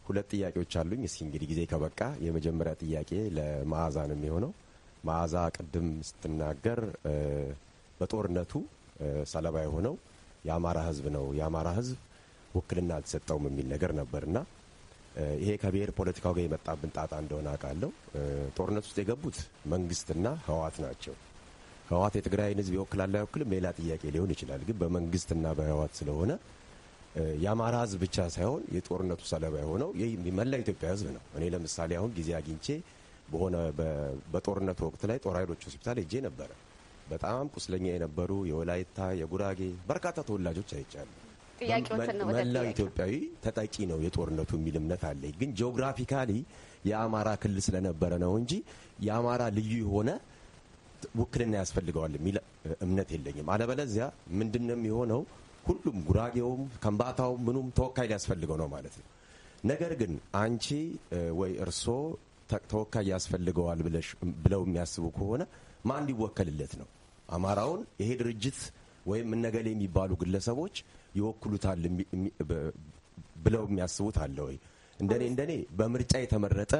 ሁለት ጥያቄዎች አሉኝ። እስኪ እንግዲህ ጊዜ ከበቃ የመጀመሪያ ጥያቄ ለመዓዛ ነው የሚሆነው መዓዛ ቅድም ስትናገር በጦርነቱ ሰለባ የሆነው የአማራ ህዝብ ነው የአማራ ህዝብ ውክልና አልተሰጠውም የሚል ነገር ነበርና ይሄ ከብሔር ፖለቲካው ጋር የመጣብን ጣጣ እንደሆነ አውቃለሁ። ጦርነት ውስጥ የገቡት መንግስትና ህወሓት ናቸው። ህወሓት የትግራይን ህዝብ ይወክላል አይወክልም ሌላ ጥያቄ ሊሆን ይችላል። ግን በመንግስትና በህወሓት ስለሆነ የአማራ ህዝብ ብቻ ሳይሆን የጦርነቱ ሰለባ የሆነው መላ ኢትዮጵያ ህዝብ ነው። እኔ ለምሳሌ አሁን ጊዜ አግኝቼ በሆነ በጦርነት ወቅት ላይ ጦር ኃይሎች ሆስፒታል ሄጄ ነበረ። በጣም ቁስለኛ የነበሩ የወላይታ፣ የጉራጌ በርካታ ተወላጆች አይቻሉ። መላው ኢትዮጵያዊ ተጠቂ ነው የጦርነቱ የሚል እምነት አለኝ። ግን ጂኦግራፊካሊ የአማራ ክልል ስለነበረ ነው እንጂ የአማራ ልዩ የሆነ ውክልና ያስፈልገዋል የሚል እምነት የለኝም። አለበለዚያ ምንድን ነው የሚሆነው? ሁሉም ጉራጌውም፣ ከምባታውም ምኑም ተወካይ ሊያስፈልገው ነው ማለት ነው። ነገር ግን አንቺ ወይ እርሶ ተወካይ ያስፈልገዋል ብለው የሚያስቡ ከሆነ ማን ሊወከልለት ነው? አማራውን ይሄ ድርጅት ወይም እነገሌ የሚባሉ ግለሰቦች ይወክሉታል ብለው የሚያስቡት አለ ወይ? እንደኔ እንደኔ በምርጫ የተመረጠ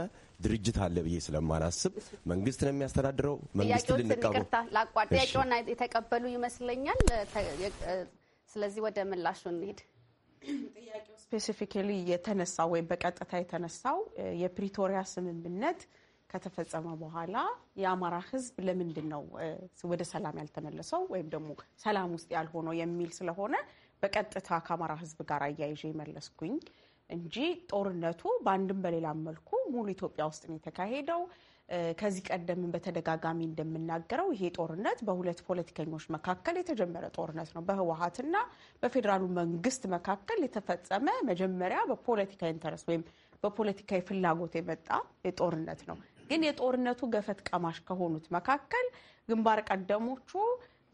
ድርጅት አለ ብዬ ስለማላስብ መንግስት ነው የሚያስተዳድረው። መንግስት ልንቀበል ጥያቄውን የተቀበሉ ይመስለኛል። ስለዚህ ወደ ምላሹ እንሄድ። ስፔሲፊካሊ የተነሳው ወይም በቀጥታ የተነሳው የፕሪቶሪያ ስምምነት ከተፈጸመ በኋላ የአማራ ህዝብ ለምንድን ነው ወደ ሰላም ያልተመለሰው ወይም ደግሞ ሰላም ውስጥ ያልሆነው የሚል ስለሆነ በቀጥታ ከአማራ ህዝብ ጋር አያይዤ መለስኩኝ እንጂ ጦርነቱ በአንድም በሌላም መልኩ ሙሉ ኢትዮጵያ ውስጥ ነው የተካሄደው። ከዚህ ቀደምን በተደጋጋሚ እንደምናገረው ይሄ ጦርነት በሁለት ፖለቲከኞች መካከል የተጀመረ ጦርነት ነው። በህወሀትና በፌዴራሉ መንግስት መካከል የተፈጸመ መጀመሪያ በፖለቲካ ኢንተረስት ወይም በፖለቲካዊ ፍላጎት የመጣ የጦርነት ነው። ግን የጦርነቱ ገፈት ቀማሽ ከሆኑት መካከል ግንባር ቀደሞቹ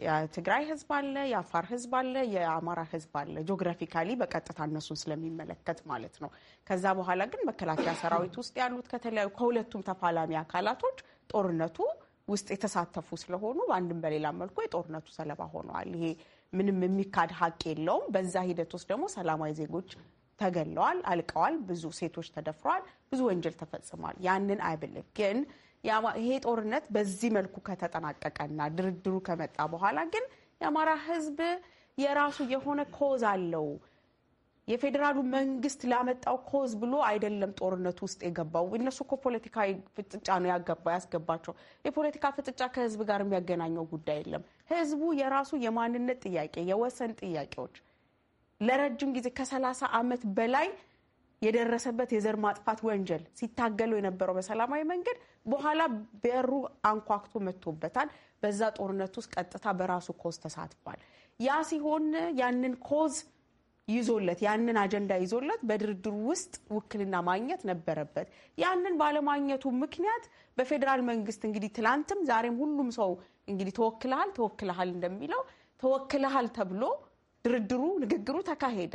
የትግራይ ህዝብ አለ፣ የአፋር ህዝብ አለ፣ የአማራ ህዝብ አለ። ጂኦግራፊካሊ በቀጥታ እነሱን ስለሚመለከት ማለት ነው። ከዛ በኋላ ግን መከላከያ ሰራዊት ውስጥ ያሉት ከተለያዩ ከሁለቱም ተፋላሚ አካላቶች ጦርነቱ ውስጥ የተሳተፉ ስለሆኑ በአንድም በሌላ መልኩ የጦርነቱ ሰለባ ሆነዋል። ይሄ ምንም የሚካድ ሀቅ የለውም። በዛ ሂደት ውስጥ ደግሞ ሰላማዊ ዜጎች ተገለዋል፣ አልቀዋል። ብዙ ሴቶች ተደፍረዋል፣ ብዙ ወንጀል ተፈጽሟል። ያንን አይብልም ግን ይሄ ጦርነት በዚህ መልኩ ከተጠናቀቀና ድርድሩ ከመጣ በኋላ ግን የአማራ ህዝብ የራሱ የሆነ ኮዝ አለው። የፌዴራሉ መንግስት ላመጣው ኮዝ ብሎ አይደለም ጦርነቱ ውስጥ የገባው። እነሱ እኮ ፖለቲካዊ ፍጥጫ ነው ያስገባቸው። የፖለቲካ ፍጥጫ ከህዝብ ጋር የሚያገናኘው ጉዳይ የለም። ህዝቡ የራሱ የማንነት ጥያቄ፣ የወሰን ጥያቄዎች ለረጅም ጊዜ ከሰላሳ ዓመት በላይ የደረሰበት የዘር ማጥፋት ወንጀል ሲታገሉ የነበረው በሰላማዊ መንገድ በኋላ በሩ አንኳክቶ መጥቶበታል። በዛ ጦርነት ውስጥ ቀጥታ በራሱ ኮዝ ተሳትፏል። ያ ሲሆን ያንን ኮዝ ይዞለት ያንን አጀንዳ ይዞለት በድርድሩ ውስጥ ውክልና ማግኘት ነበረበት። ያንን ባለማግኘቱ ምክንያት በፌዴራል መንግስት እንግዲህ ትላንትም ዛሬም ሁሉም ሰው እንግዲህ ተወክልሃል ተወክልሃል እንደሚለው ተወክልሃል ተብሎ ድርድሩ፣ ንግግሩ ተካሄደ።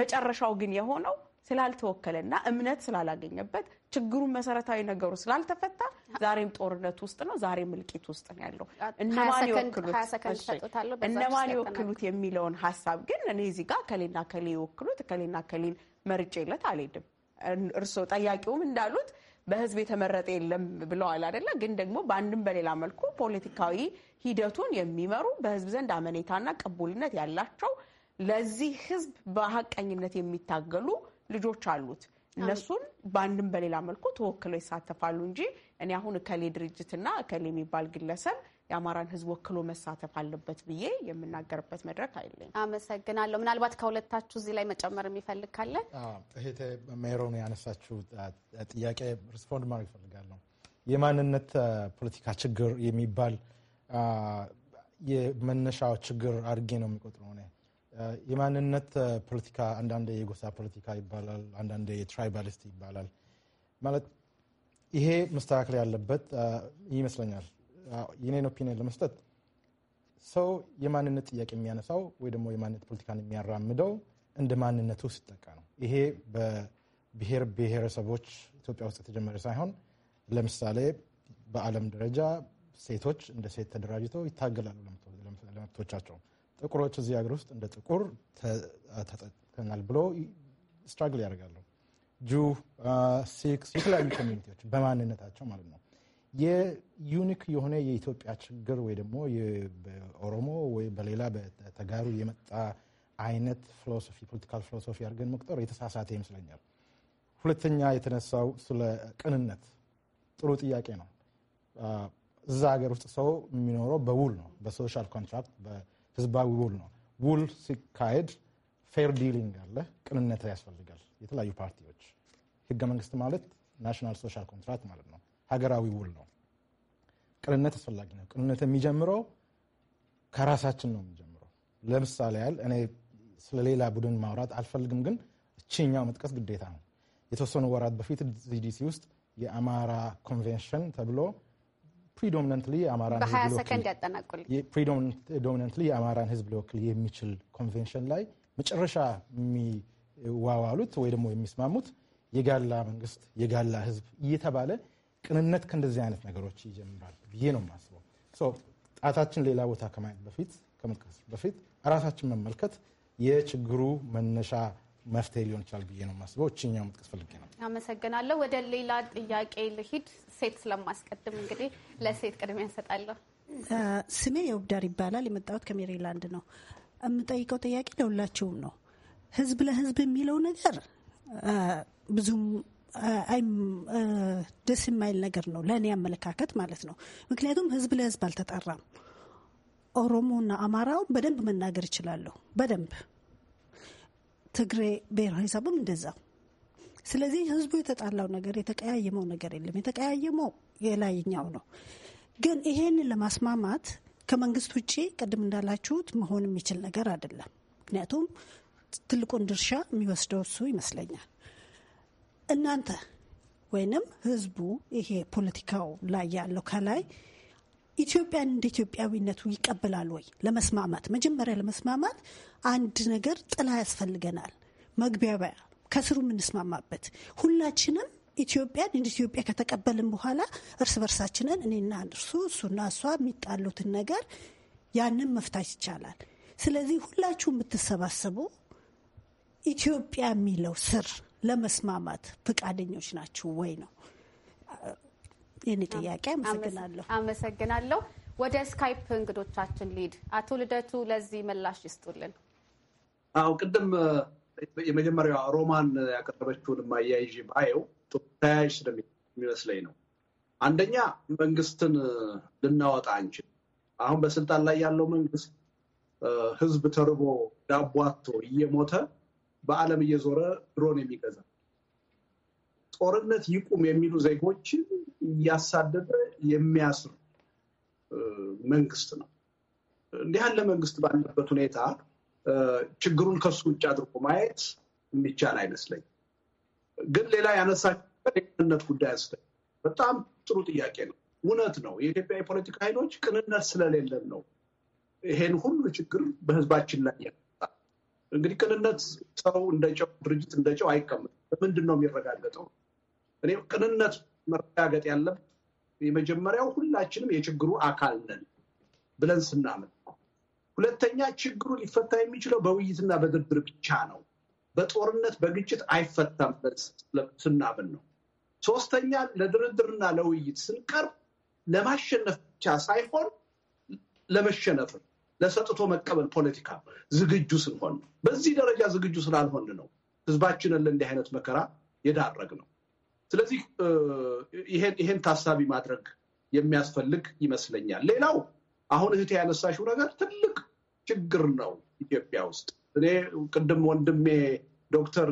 መጨረሻው ግን የሆነው ስላልተወከለና እምነት ስላላገኘበት ችግሩን መሰረታዊ ነገሩ ስላልተፈታ ዛሬም ጦርነት ውስጥ ነው። ዛሬም እልቂት ውስጥ ነው ያለው። እነማን ይወክሉት የሚለውን ሀሳብ ግን እኔ እዚህ ጋር ከሌና ከሌ ይወክሉት ከሌና ከሌን መርጬለት አልሄድም። እርስዎ ጠያቂውም እንዳሉት በህዝብ የተመረጠ የለም ብለዋል አይደለ? ግን ደግሞ በአንድም በሌላ መልኩ ፖለቲካዊ ሂደቱን የሚመሩ በህዝብ ዘንድ አመኔታና ቅቡልነት ያላቸው ለዚህ ህዝብ በሀቀኝነት የሚታገሉ ልጆች አሉት። እነሱን በአንድም በሌላ መልኩ ተወክለው ይሳተፋሉ እንጂ እኔ አሁን እከሌ ድርጅትና እከሌ የሚባል ግለሰብ የአማራን ሕዝብ ወክሎ መሳተፍ አለበት ብዬ የምናገርበት መድረክ አይለኝ። አመሰግናለሁ። ምናልባት ከሁለታችሁ እዚህ ላይ መጨመር የሚፈልግ ካለ እህቴ ሜሮን ያነሳችው ጥያቄ ሪስፖንድ ማድረግ ይፈልጋለሁ። የማንነት ፖለቲካ ችግር የሚባል የመነሻ ችግር አድርጌ ነው የሚቆጥረው የማንነት ፖለቲካ አንዳንድ የጎሳ ፖለቲካ ይባላል፣ አንዳንድ የትራይባሊስት ይባላል። ማለት ይሄ መስተካከል ያለበት ይመስለኛል። የኔን ኦፒኒየን ለመስጠት ሰው የማንነት ጥያቄ የሚያነሳው ወይ ደግሞ የማንነት ፖለቲካን የሚያራምደው እንደ ማንነቱ ሲጠቃ ነው። ይሄ በብሔር ብሔረሰቦች ኢትዮጵያ ውስጥ የተጀመረ ሳይሆን ለምሳሌ በዓለም ደረጃ ሴቶች እንደ ሴት ተደራጅተው ይታገላሉ ለመብቶቻቸው። ጥቁሮች እዚህ ሀገር ውስጥ እንደ ጥቁር ተጠቅተናል ብሎ ስትራግል ያደርጋሉ። ጁ፣ ሲክስ፣ የተለያዩ ኮሚኒቲዎች በማንነታቸው ማለት ነው። የዩኒክ የሆነ የኢትዮጵያ ችግር ወይ ደግሞ በኦሮሞ ወይ በሌላ በተጋሩ የመጣ አይነት ፊሎሶፊ ፖለቲካል ፊሎሶፊ አድርገን መቁጠር የተሳሳተ ይመስለኛል። ሁለተኛ የተነሳው ስለ ቅንነት ጥሩ ጥያቄ ነው። እዛ ሀገር ውስጥ ሰው የሚኖረው በውል ነው፣ በሶሻል ኮንትራክት ህዝባዊ ውል ነው። ውል ሲካሄድ ፌር ዲሊንግ አለ፣ ቅንነት ያስፈልጋል። የተለያዩ ፓርቲዎች ህገ መንግስት ማለት ናሽናል ሶሻል ኮንትራክት ማለት ነው፣ ሀገራዊ ውል ነው። ቅንነት አስፈላጊ ነው። ቅንነት የሚጀምረው ከራሳችን ነው የሚጀምረው። ለምሳሌ ያህል እኔ ስለ ሌላ ቡድን ማውራት አልፈልግም፣ ግን እችኛው መጥቀስ ግዴታ ነው። የተወሰኑ ወራት በፊት ዚዲሲ ውስጥ የአማራ ኮንቬንሽን ተብሎ ፕሪዶሚናንትሊ የአማራን ህዝብ ሊወክል የሚችል ኮንቬንሽን ላይ መጨረሻ የሚዋዋሉት ወይ ደግሞ የሚስማሙት የጋላ መንግስት፣ የጋላ ህዝብ እየተባለ ቅንነት ከእንደዚህ አይነት ነገሮች ይጀምራል ብዬ ነው የማስበው። ጣታችን ሌላ ቦታ ከማየት በፊት ከመጥቀስ በፊት ራሳችን መመልከት የችግሩ መነሻ መፍትሄ ሊሆን ይችላል ብዬ ነው የማስበው። እችኛው መጥቀስ ፈልጌ ነው። አመሰግናለሁ። ወደ ሌላ ጥያቄ ልሂድ። ሴት ስለማስቀድም እንግዲህ ለሴት ቅድሚያ እንሰጣለሁ። ስሜ የውብዳር ይባላል። የመጣሁት ከሜሪላንድ ነው። የምጠይቀው ጥያቄ ለሁላችሁም ነው። ህዝብ ለህዝብ የሚለው ነገር ብዙም ደስ የማይል ነገር ነው፣ ለእኔ አመለካከት ማለት ነው። ምክንያቱም ህዝብ ለህዝብ አልተጠራም። ኦሮሞና አማራው በደንብ መናገር ይችላለሁ በደንብ ትግሬ ብሔረሰቡም እንደዛው። ስለዚህ ህዝቡ የተጣላው ነገር የተቀያየመው ነገር የለም። የተቀያየመው የላይኛው ነው። ግን ይሄን ለማስማማት ከመንግስት ውጭ ቅድም እንዳላችሁት መሆን የሚችል ነገር አይደለም። ምክንያቱም ትልቁን ድርሻ የሚወስደው እሱ ይመስለኛል። እናንተ ወይንም ህዝቡ ይሄ ፖለቲካው ላይ ያለው ከላይ ኢትዮጵያን እንደ ኢትዮጵያዊነቱ ይቀበላል ወይ? ለመስማማት መጀመሪያ ለመስማማት አንድ ነገር ጥላ ያስፈልገናል፣ መግቢያቢያ ከስሩ የምንስማማበት ሁላችንም ኢትዮጵያን እንደ ኢትዮጵያ ከተቀበልን በኋላ እርስ በርሳችንን እኔና እርሱ እሱና እሷ የሚጣሉትን ነገር ያንን መፍታት ይቻላል። ስለዚህ ሁላችሁ የምትሰባሰቡ ኢትዮጵያ የሚለው ስር ለመስማማት ፍቃደኞች ናችሁ ወይ ነው። ይህን ጥያቄ አመሰግናለሁ። አመሰግናለሁ። ወደ ስካይፕ እንግዶቻችን ሊድ አቶ ልደቱ ለዚህ ምላሽ ይስጡልን። አው ቅድም የመጀመሪያ ሮማን ያቀረበችውን ማያይዥ ባየው ተያያዥ ስለሚመስለኝ ነው። አንደኛ መንግስትን ልናወጣ አንችል። አሁን በስልጣን ላይ ያለው መንግስት ህዝብ ተርቦ ዳቧቶ እየሞተ በዓለም እየዞረ ድሮን የሚገዛ ጦርነት ይቁም የሚሉ ዜጎችን እያሳደደ የሚያስር መንግስት ነው። እንዲህ ያለ መንግስት ባለበት ሁኔታ ችግሩን ከሱ ውጭ አድርጎ ማየት የሚቻል አይመስለኝም። ግን ሌላ ያነሳ የቅንነት ጉዳይ አንስተ በጣም ጥሩ ጥያቄ ነው። እውነት ነው። የኢትዮጵያ የፖለቲካ ኃይሎች ቅንነት ስለሌለን ነው ይሄን ሁሉ ችግር በህዝባችን ላይ ያመጣ። እንግዲህ ቅንነት ሰው እንደ ጨው ድርጅት እንደ ጨው አይቀመጥም። በምንድን ነው የሚረጋገጠው? እኔ ቅንነት መረጋገጥ ያለብን የመጀመሪያው ሁላችንም የችግሩ አካል ነን ብለን ስናምን፣ ሁለተኛ ችግሩ ሊፈታ የሚችለው በውይይትና በድርድር ብቻ ነው፣ በጦርነት በግጭት አይፈታም ብለን ስናምን ነው። ሶስተኛ ለድርድርና ለውይይት ስንቀርብ ለማሸነፍ ብቻ ሳይሆን ለመሸነፍ ለሰጥቶ መቀበል ፖለቲካ ዝግጁ ስንሆን ነው። በዚህ ደረጃ ዝግጁ ስላልሆን ነው ህዝባችንን ለእንዲህ አይነት መከራ የዳረግ ነው። ስለዚህ ይሄን ታሳቢ ማድረግ የሚያስፈልግ ይመስለኛል። ሌላው አሁን እህቴ ያነሳሽው ነገር ትልቅ ችግር ነው ኢትዮጵያ ውስጥ። እኔ ቅድም ወንድሜ ዶክተር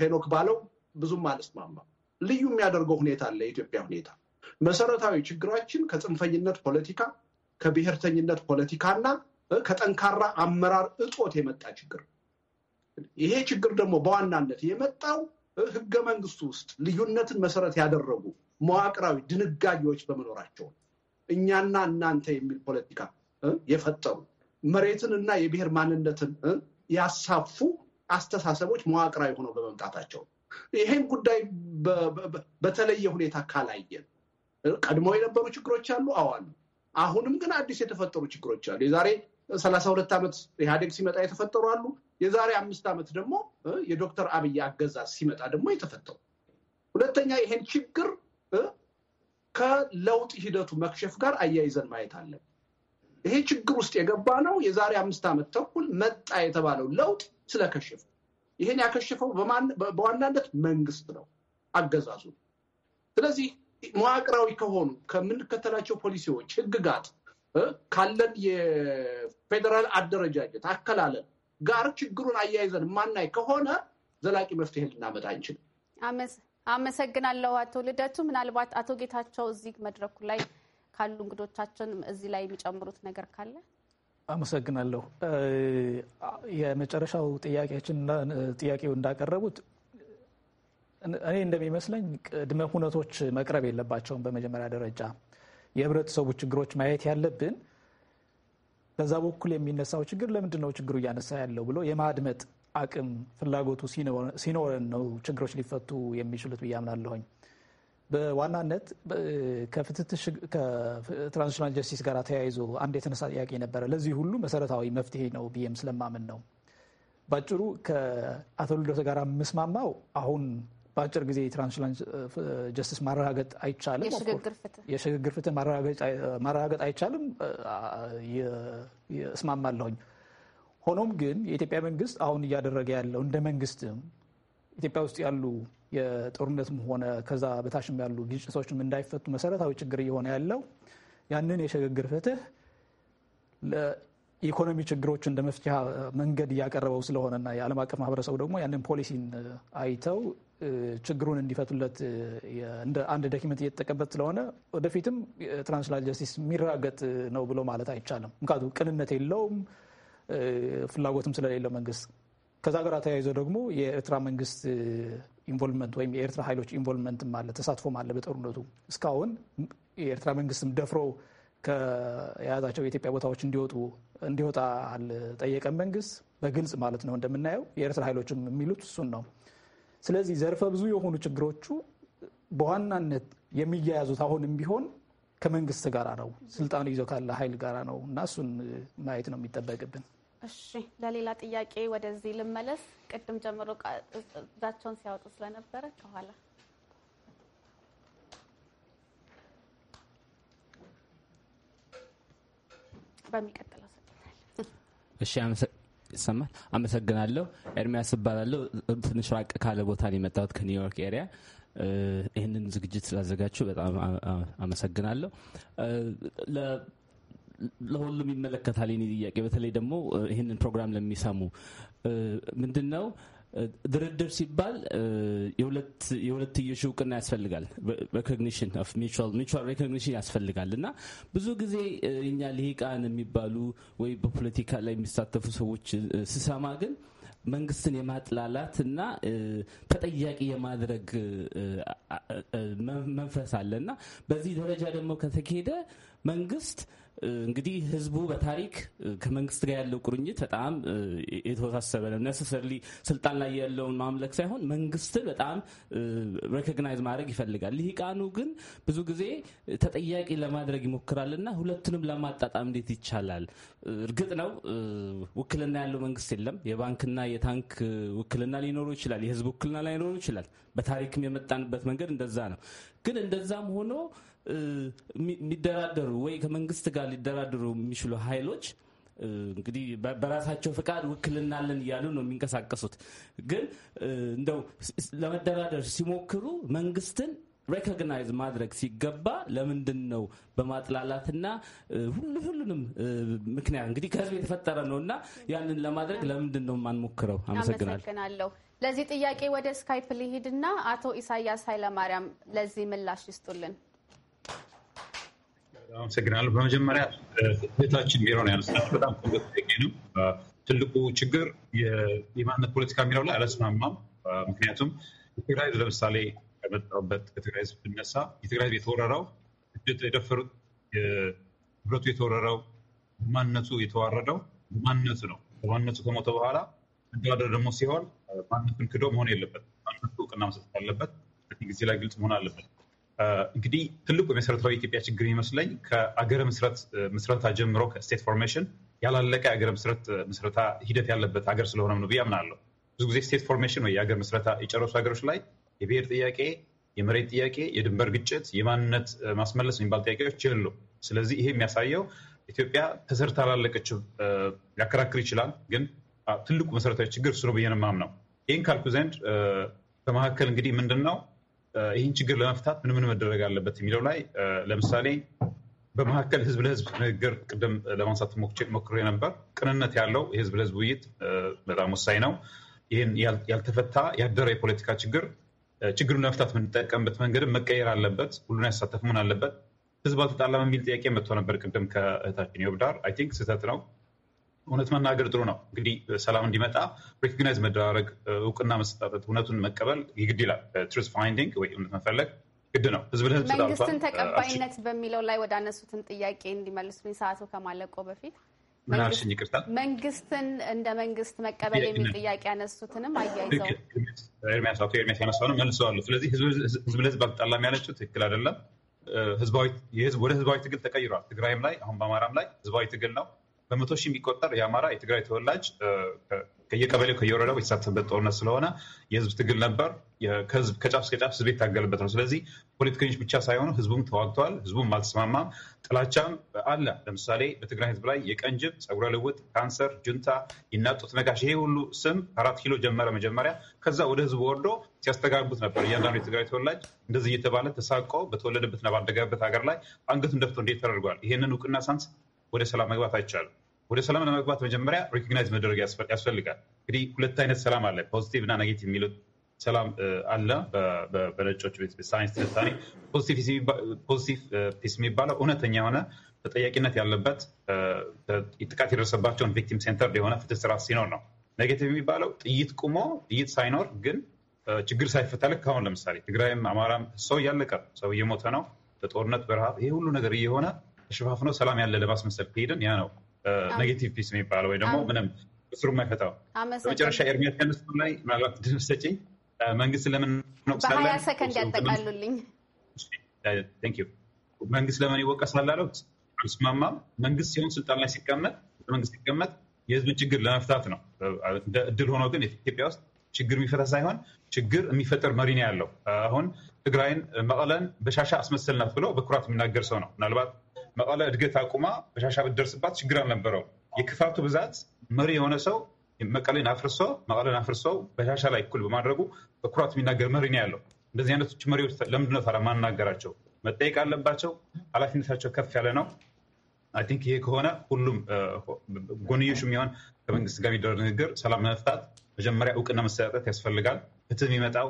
ሄኖክ ባለው ብዙም አልስማማም። ልዩ የሚያደርገው ሁኔታ አለ። የኢትዮጵያ ሁኔታ መሰረታዊ ችግራችን ከጽንፈኝነት ፖለቲካ፣ ከብሔርተኝነት እና ከጠንካራ አመራር እጦት የመጣ ችግር። ይሄ ችግር ደግሞ በዋናነት የመጣው ህገ መንግስቱ ውስጥ ልዩነትን መሰረት ያደረጉ መዋቅራዊ ድንጋጌዎች በመኖራቸው እኛና እናንተ የሚል ፖለቲካ የፈጠሩ መሬትን እና የብሔር ማንነትን ያሳፉ አስተሳሰቦች መዋቅራዊ ሆነው በመምጣታቸው ይሄን ጉዳይ በተለየ ሁኔታ ካላየን ቀድሞ የነበሩ ችግሮች አሉ። አዋሉ አሁንም ግን አዲስ የተፈጠሩ ችግሮች አሉ። የዛሬ ሰላሳ ሁለት ዓመት ኢህአዴግ ሲመጣ የተፈጠሩ አሉ። የዛሬ አምስት ዓመት ደግሞ የዶክተር አብይ አገዛዝ ሲመጣ ደግሞ የተፈጠሩ ሁለተኛ ይሄን ችግር ከለውጥ ሂደቱ መክሸፍ ጋር አያይዘን ማየት አለን። ይሄ ችግር ውስጥ የገባ ነው የዛሬ አምስት ዓመት ተኩል መጣ የተባለው ለውጥ ስለከሸፈ ይሄን ያከሸፈው በዋናነት መንግስት ነው፣ አገዛዙ። ስለዚህ መዋቅራዊ ከሆኑ ከምንከተላቸው ፖሊሲዎች፣ ህግጋት ካለን የፌዴራል አደረጃጀት አከላለን ጋር ችግሩን አያይዘን ማናይ ከሆነ ዘላቂ መፍትሄ ልናመጣ አንችልም። አመሰግናለሁ አቶ ልደቱ። ምናልባት አቶ ጌታቸው እዚህ መድረኩ ላይ ካሉ እንግዶቻችን እዚህ ላይ የሚጨምሩት ነገር ካለ አመሰግናለሁ። የመጨረሻው ጥያቄያችን ጥያቄው እንዳቀረቡት እኔ እንደሚመስለኝ ቅድመ ሁነቶች መቅረብ የለባቸውም። በመጀመሪያ ደረጃ የህብረተሰቡ ችግሮች ማየት ያለብን በዛ በኩል የሚነሳው ችግር ለምንድን ነው ችግሩ እያነሳ ያለው ብሎ የማድመጥ አቅም ፍላጎቱ ሲኖረን ነው ችግሮች ሊፈቱ የሚችሉት ብዬ አምናለሁኝ። በዋናነት ከትራንዚሽናል ጀስቲስ ጋር ተያይዞ አንድ የተነሳ ጥያቄ ነበረ። ለዚህ ሁሉ መሰረታዊ መፍትሄ ነው ብዬም ስለማምን ነው። ባጭሩ ከአቶ ልደቱ ጋር የምስማማው አሁን በአጭር ጊዜ የትራንዚሽናል ጀስቲስ ማረጋገጥ አይቻልም። የሽግግር ፍትህ ማረጋገጥ አይቻልም፣ እስማማለሁኝ። ሆኖም ግን የኢትዮጵያ መንግስት አሁን እያደረገ ያለው እንደ መንግስትም ኢትዮጵያ ውስጥ ያሉ የጦርነትም ሆነ ከዛ በታችም ያሉ ግጭቶችም እንዳይፈቱ መሰረታዊ ችግር እየሆነ ያለው ያንን የሽግግር ፍትህ የኢኮኖሚ ችግሮች እንደ መፍትሄ መንገድ እያቀረበው ስለሆነና የዓለም አቀፍ ማህበረሰቡ ደግሞ ያንን ፖሊሲን አይተው ችግሩን እንዲፈቱለት እንደ አንድ ዶኪመንት እየተጠቀበት ስለሆነ ወደፊትም ትራንስላሽናል ጀስቲስ የሚራገጥ ነው ብሎ ማለት አይቻልም። ምክንያቱ ቅንነት የለውም፣ ፍላጎትም ስለሌለው መንግስት ከዛ ጋር ተያይዞ ደግሞ የኤርትራ መንግስት ኢንቮልቭመንት ወይም የኤርትራ ኃይሎች ኢንቮልቭመንት አለ፣ ተሳትፎም አለ በጦርነቱ እስካሁን የኤርትራ መንግስትም ደፍሮ ከያዛቸው የኢትዮጵያ ቦታዎች እንዲወጡ እንዲወጣ አልጠየቀም መንግስት በግልጽ ማለት ነው። እንደምናየው የኤርትራ ኃይሎችም የሚሉት እሱን ነው። ስለዚህ ዘርፈ ብዙ የሆኑ ችግሮቹ በዋናነት የሚያያዙት አሁንም ቢሆን ከመንግስት ጋራ ነው፣ ስልጣኑ ይዞ ካለ ኃይል ጋራ ነው እና እሱን ማየት ነው የሚጠበቅብን። እሺ፣ ለሌላ ጥያቄ ወደዚህ ልመለስ። ቅድም ጀምሮ እዛቸውን ሲያወጡ ስለነበረ ከኋላ በሚቀጥለው እሺ፣ ይሰማል። አመሰግናለሁ። ኤርሚያስ እባላለሁ። ትንሽ ራቅ ካለ ቦታ ነው የመጣሁት ከኒውዮርክ ኤሪያ። ይህንን ዝግጅት ስላዘጋችሁ በጣም አመሰግናለሁ። ለሁሉም ይመለከታል የኔ ጥያቄ፣ በተለይ ደግሞ ይህንን ፕሮግራም ለሚሰሙ ምንድን ነው ድርድር ሲባል የሁለትዮሽ እውቅና ያስፈልጋል። ሬኮግኒሽን ሚቹዋል ሬኮግኒሽን ያስፈልጋል እና ብዙ ጊዜ እኛ ልሂቃን የሚባሉ ወይ በፖለቲካ ላይ የሚሳተፉ ሰዎች ስሰማ ግን መንግስትን የማጥላላት እና ተጠያቂ የማድረግ መንፈስ አለ እና በዚህ ደረጃ ደግሞ ከተካሄደ መንግስት እንግዲህ ህዝቡ በታሪክ ከመንግስት ጋር ያለው ቁርኝት በጣም የተወሳሰበ ነው። ነሰሰርሊ ስልጣን ላይ ያለውን ማምለክ ሳይሆን መንግስትን በጣም ሬኮግናይዝ ማድረግ ይፈልጋል። ልሂቃኑ ግን ብዙ ጊዜ ተጠያቂ ለማድረግ ይሞክራል እና ሁለቱንም ለማጣጣም እንዴት ይቻላል? እርግጥ ነው ውክልና ያለው መንግስት የለም። የባንክና የታንክ ውክልና ሊኖሩ ይችላል። የህዝብ ውክልና ላይኖሩ ይችላል። በታሪክም የመጣንበት መንገድ እንደዛ ነው። ግን እንደዛም ሆኖ የሚደራደሩ ወይ ከመንግስት ጋር ሊደራደሩ የሚችሉ ኃይሎች እንግዲህ በራሳቸው ፍቃድ ውክል አለን እያሉ ነው የሚንቀሳቀሱት። ግን እንደው ለመደራደር ሲሞክሩ መንግስትን ሬኮግናይዝ ማድረግ ሲገባ ለምንድን ነው በማጥላላትና ሁሉ ሁሉንም ምክንያት እንግዲህ ከህዝብ የተፈጠረ ነው እና ያንን ለማድረግ ለምንድን ነው የማንሞክረው? አመሰግናለሁ። ለዚህ ጥያቄ ወደ ስካይፕ ሊሂድና አቶ ኢሳያስ ኃይለማርያም ለዚህ ምላሽ ይስጡልን። አመሰግናለሁ። በመጀመሪያ ቤታችን ቢሮ ነው ያነሳ በጣም ጥያቄ ነው። ትልቁ ችግር የማንነት ፖለቲካ የሚለው ላይ አላስማማም። ምክንያቱም የትግራይ ህዝብ ለምሳሌ ከመጣሁበት ከትግራይ ህዝብ ብነሳ የትግራይ ህዝብ የተወረረው ስደት የደፈሩት ህብረቱ የተወረረው ማንነቱ የተዋረደው ማንነቱ ነው። ማንነቱ ከሞተ በኋላ መደራደር ደግሞ ሲሆን ማንነቱን ክዶ መሆን የለበት። ማንነቱ እውቅና መሰጠት አለበት። ጊዜ ላይ ግልጽ መሆን አለበት። እንግዲህ ትልቁ የመሰረታዊ ኢትዮጵያ ችግር ይመስለኝ ከአገረ ምስረታ ጀምሮ ከስቴት ፎርሜሽን ያላለቀ የአገረ ምስረታ ሂደት ያለበት ሀገር ስለሆነ ነው ብዬ አምናለሁ። ብዙ ጊዜ ስቴት ፎርሜሽን ወይ የአገር ምስረታ የጨረሱ ሀገሮች ላይ የብሔር ጥያቄ፣ የመሬት ጥያቄ፣ የድንበር ግጭት፣ የማንነት ማስመለስ የሚባል ጥያቄዎች የሉ። ስለዚህ ይሄ የሚያሳየው ኢትዮጵያ ተሰርታ ላለቀችው ሊያከራክር ይችላል፣ ግን ትልቁ መሰረታዊ ችግር እሱ ነው ብዬ ነው የማምነው። ይህን ካልኩ ዘንድ በመካከል እንግዲህ ምንድን ነው ይህን ችግር ለመፍታት ምን ምን መደረግ አለበት የሚለው ላይ ለምሳሌ በመካከል ህዝብ ለህዝብ ንግግር ቅድም ለማንሳት ሞክሮ ነበር። ቅንነት ያለው የህዝብ ለህዝብ ውይይት በጣም ወሳኝ ነው። ይህን ያልተፈታ ያደረ የፖለቲካ ችግር ችግሩን ለመፍታት የምንጠቀምበት መንገድ መቀየር አለበት። ሁሉን ያሳተፍ መሆን አለበት። ህዝብ አልተጣላም የሚል ጥያቄ መጥቶ ነበር ቅድም ከእህታችን የወብዳር አይ ቲንክ ስህተት ነው። እውነት መናገር ጥሩ ነው። እንግዲህ ሰላም እንዲመጣ ሬኮግናይዝ መደራረግ፣ እውቅና መሰጣጠት፣ እውነቱን መቀበል ይግድ ይላል። ትሩዝ ፋይንዲንግ ወይ እውነት መፈለግ ግድ ነው። ህዝብ ለህዝብ መንግስትን ተቀባይነት በሚለው ላይ ወዳነሱትን ጥያቄ እንዲመልሱኝ ሰዓቱ ከማለቆ በፊት መንግስትን እንደ መንግስት መቀበል የሚል ጥያቄ ያነሱትንም አያይዘው ኤርሚያስ አቶ ኤርሚያስ ያነሳውንም መልሰዋለሁ። ስለዚህ ህዝብ ለህዝብ አልተጣላም ያለችው ትክክል አይደለም። ወደ ህዝባዊ ትግል ተቀይሯል። ትግራይም ላይ አሁን በአማራም ላይ ህዝባዊ ትግል ነው። በመቶ ሺህ የሚቆጠር የአማራ የትግራይ ተወላጅ ከየቀበሌው ከየወረዳው የተሳተፈበት ጦርነት ስለሆነ የህዝብ ትግል ነበር። ከህዝብ ከጫፍ እስከ ጫፍ ህዝብ የታገለበት ነው። ስለዚህ ፖለቲከኞች ብቻ ሳይሆኑ ህዝቡም ተዋግተዋል። ህዝቡም አልተስማማም፣ ጥላቻም አለ። ለምሳሌ በትግራይ ህዝብ ላይ የቀንጅብ፣ ፀጉረ ልውጥ፣ ካንሰር፣ ጁንታ፣ ይናጡት፣ ነጋሽ ይሄ ሁሉ ስም አራት ኪሎ ጀመረ መጀመሪያ። ከዛ ወደ ህዝቡ ወርዶ ሲያስተጋቡት ነበር። እያንዳንዱ የትግራይ ተወላጅ እንደዚህ እየተባለ ተሳቆ በተወለደበትና ባደገበት ሀገር ላይ አንገቱን ደፍቶ እንዴት ተደርጓል? ይህንን እውቅና ሳንስ ወደ ሰላም መግባት አይቻልም። ወደ ሰላም ለመግባት መጀመሪያ ሪኮግናይዝ መደረግ ያስፈልጋል። እንግዲህ ሁለት አይነት ሰላም አለ፣ ፖዚቲቭ እና ኔጌቲቭ የሚሉት ሰላም አለ። በነጮች ሳይንስ ትንታኔ ፖዚቲቭ ፒስ የሚባለው እውነተኛ የሆነ ተጠያቂነት ያለበት ጥቃት የደረሰባቸውን ቪክቲም ሴንተር የሆነ ፍትህ ስርዓት ሲኖር ነው። ኔጌቲቭ የሚባለው ጥይት ቁሞ ጥይት ሳይኖር ግን ችግር ሳይፈታ ልክ አሁን ለምሳሌ ትግራይም አማራም ሰው እያለቀ ሰው እየሞተ ነው፣ በጦርነት በረሃብ ይሄ ሁሉ ነገር እየሆነ ተሸፋፍኖ ሰላም ያለ ለባስ መሰል ከሄደን ያ ነው ኔጌቲቭ ፒስ የሚባለው ወይ ደግሞ ምንም እስሩ የማይፈታው። በመጨረሻ ኤርሚያስ ከነሱ ላይ ምናልባት ድምፅ ሰጪኝ መንግስት ለምን በሀያ ሰከንድ ያጠቃሉልኝ። መንግስት ለምን ይወቀሳል አሉት። አልስማማም። መንግስት ሲሆን ስልጣን ላይ ሲቀመጥ መንግስት ሲቀመጥ የህዝብን ችግር ለመፍታት ነው። እንደ እድል ሆኖ ግን ኢትዮጵያ ውስጥ ችግር የሚፈታ ሳይሆን ችግር የሚፈጥር መሪ ነው ያለው። አሁን ትግራይን መቀለን በሻሻ አስመሰልናት ብሎ በኩራት የሚናገር ሰው ነው ምናልባት መቀለ እድገት አቁማ በሻሻ ብትደርስባት ችግር አልነበረው። የክፋቱ ብዛት መሪ የሆነ ሰው መቀሌን አፍርሶ መቀለን አፍርሶ በሻሻ ላይ እኩል በማድረጉ በኩራት የሚናገር መሪ ነው ያለው። እንደዚህ አይነቶች መሪዎች ለምንድነው ታዲያ ማናገራቸው? መጠየቅ አለባቸው። ኃላፊነታቸው ከፍ ያለ ነው። አይ ቲንክ ይሄ ከሆነ ሁሉም ጎንዮሽ የሚሆን ከመንግስት ጋር የሚደረግ ንግግር ሰላም ለመፍታት መጀመሪያ እውቅና መሰጠት ያስፈልጋል። ፍትህ የሚመጣው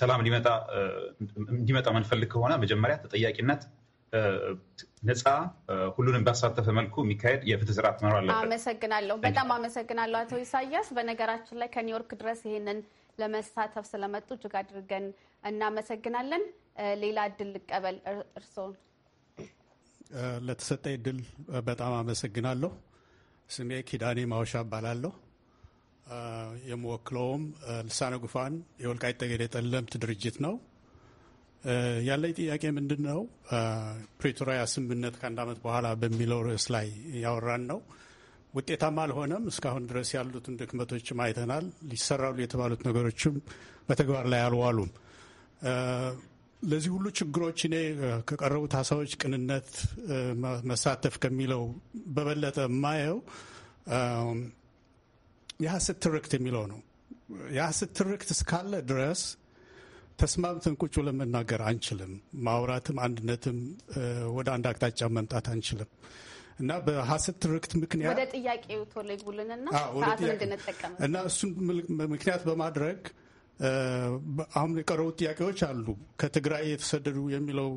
ሰላም እንዲመጣ የምንፈልግ ከሆነ መጀመሪያ ተጠያቂነት ነፃ ሁሉንም ባሳተፈ መልኩ የሚካሄድ የፍትህ ስርዓት መኖር አለበት። አመሰግናለሁ። በጣም አመሰግናለሁ አቶ ኢሳያስ። በነገራችን ላይ ከኒውዮርክ ድረስ ይህንን ለመሳተፍ ስለመጡ እጅግ አድርገን እናመሰግናለን። ሌላ እድል ልቀበል። እርስዎን ለተሰጠኝ እድል በጣም አመሰግናለሁ። ስሜ ኪዳኔ ማውሻ እባላለሁ። የምወክለውም ልሳነ ጉፋን የወልቃይት ጠገዴ ጠለምት ድርጅት ነው። ያለኝ ጥያቄ ምንድን ነው? ፕሪቶሪያ ስምምነት ከአንድ ዓመት በኋላ በሚለው ርዕስ ላይ ያወራን ነው። ውጤታማ አልሆነም። እስካሁን ድረስ ያሉትን ድክመቶችም አይተናል። ሊሰራሉ የተባሉት ነገሮችም በተግባር ላይ አልዋሉም። ለዚህ ሁሉ ችግሮች እኔ ከቀረቡት ሀሳቦች ቅንነት መሳተፍ ከሚለው በበለጠ የማየው የሀሰት ትርክት የሚለው ነው። የሀሰት ትርክት እስካለ ድረስ ተስማምተን ቁጭ ብለን መናገር አንችልም። ማውራትም አንድነትም ወደ አንድ አቅጣጫ መምጣት አንችልም እና በሀሰት ትርክት ምክንያት ወደ ጥያቄው እና እሱን ምክንያት በማድረግ አሁን የቀረቡት ጥያቄዎች አሉ። ከትግራይ የተሰደዱ የሚለው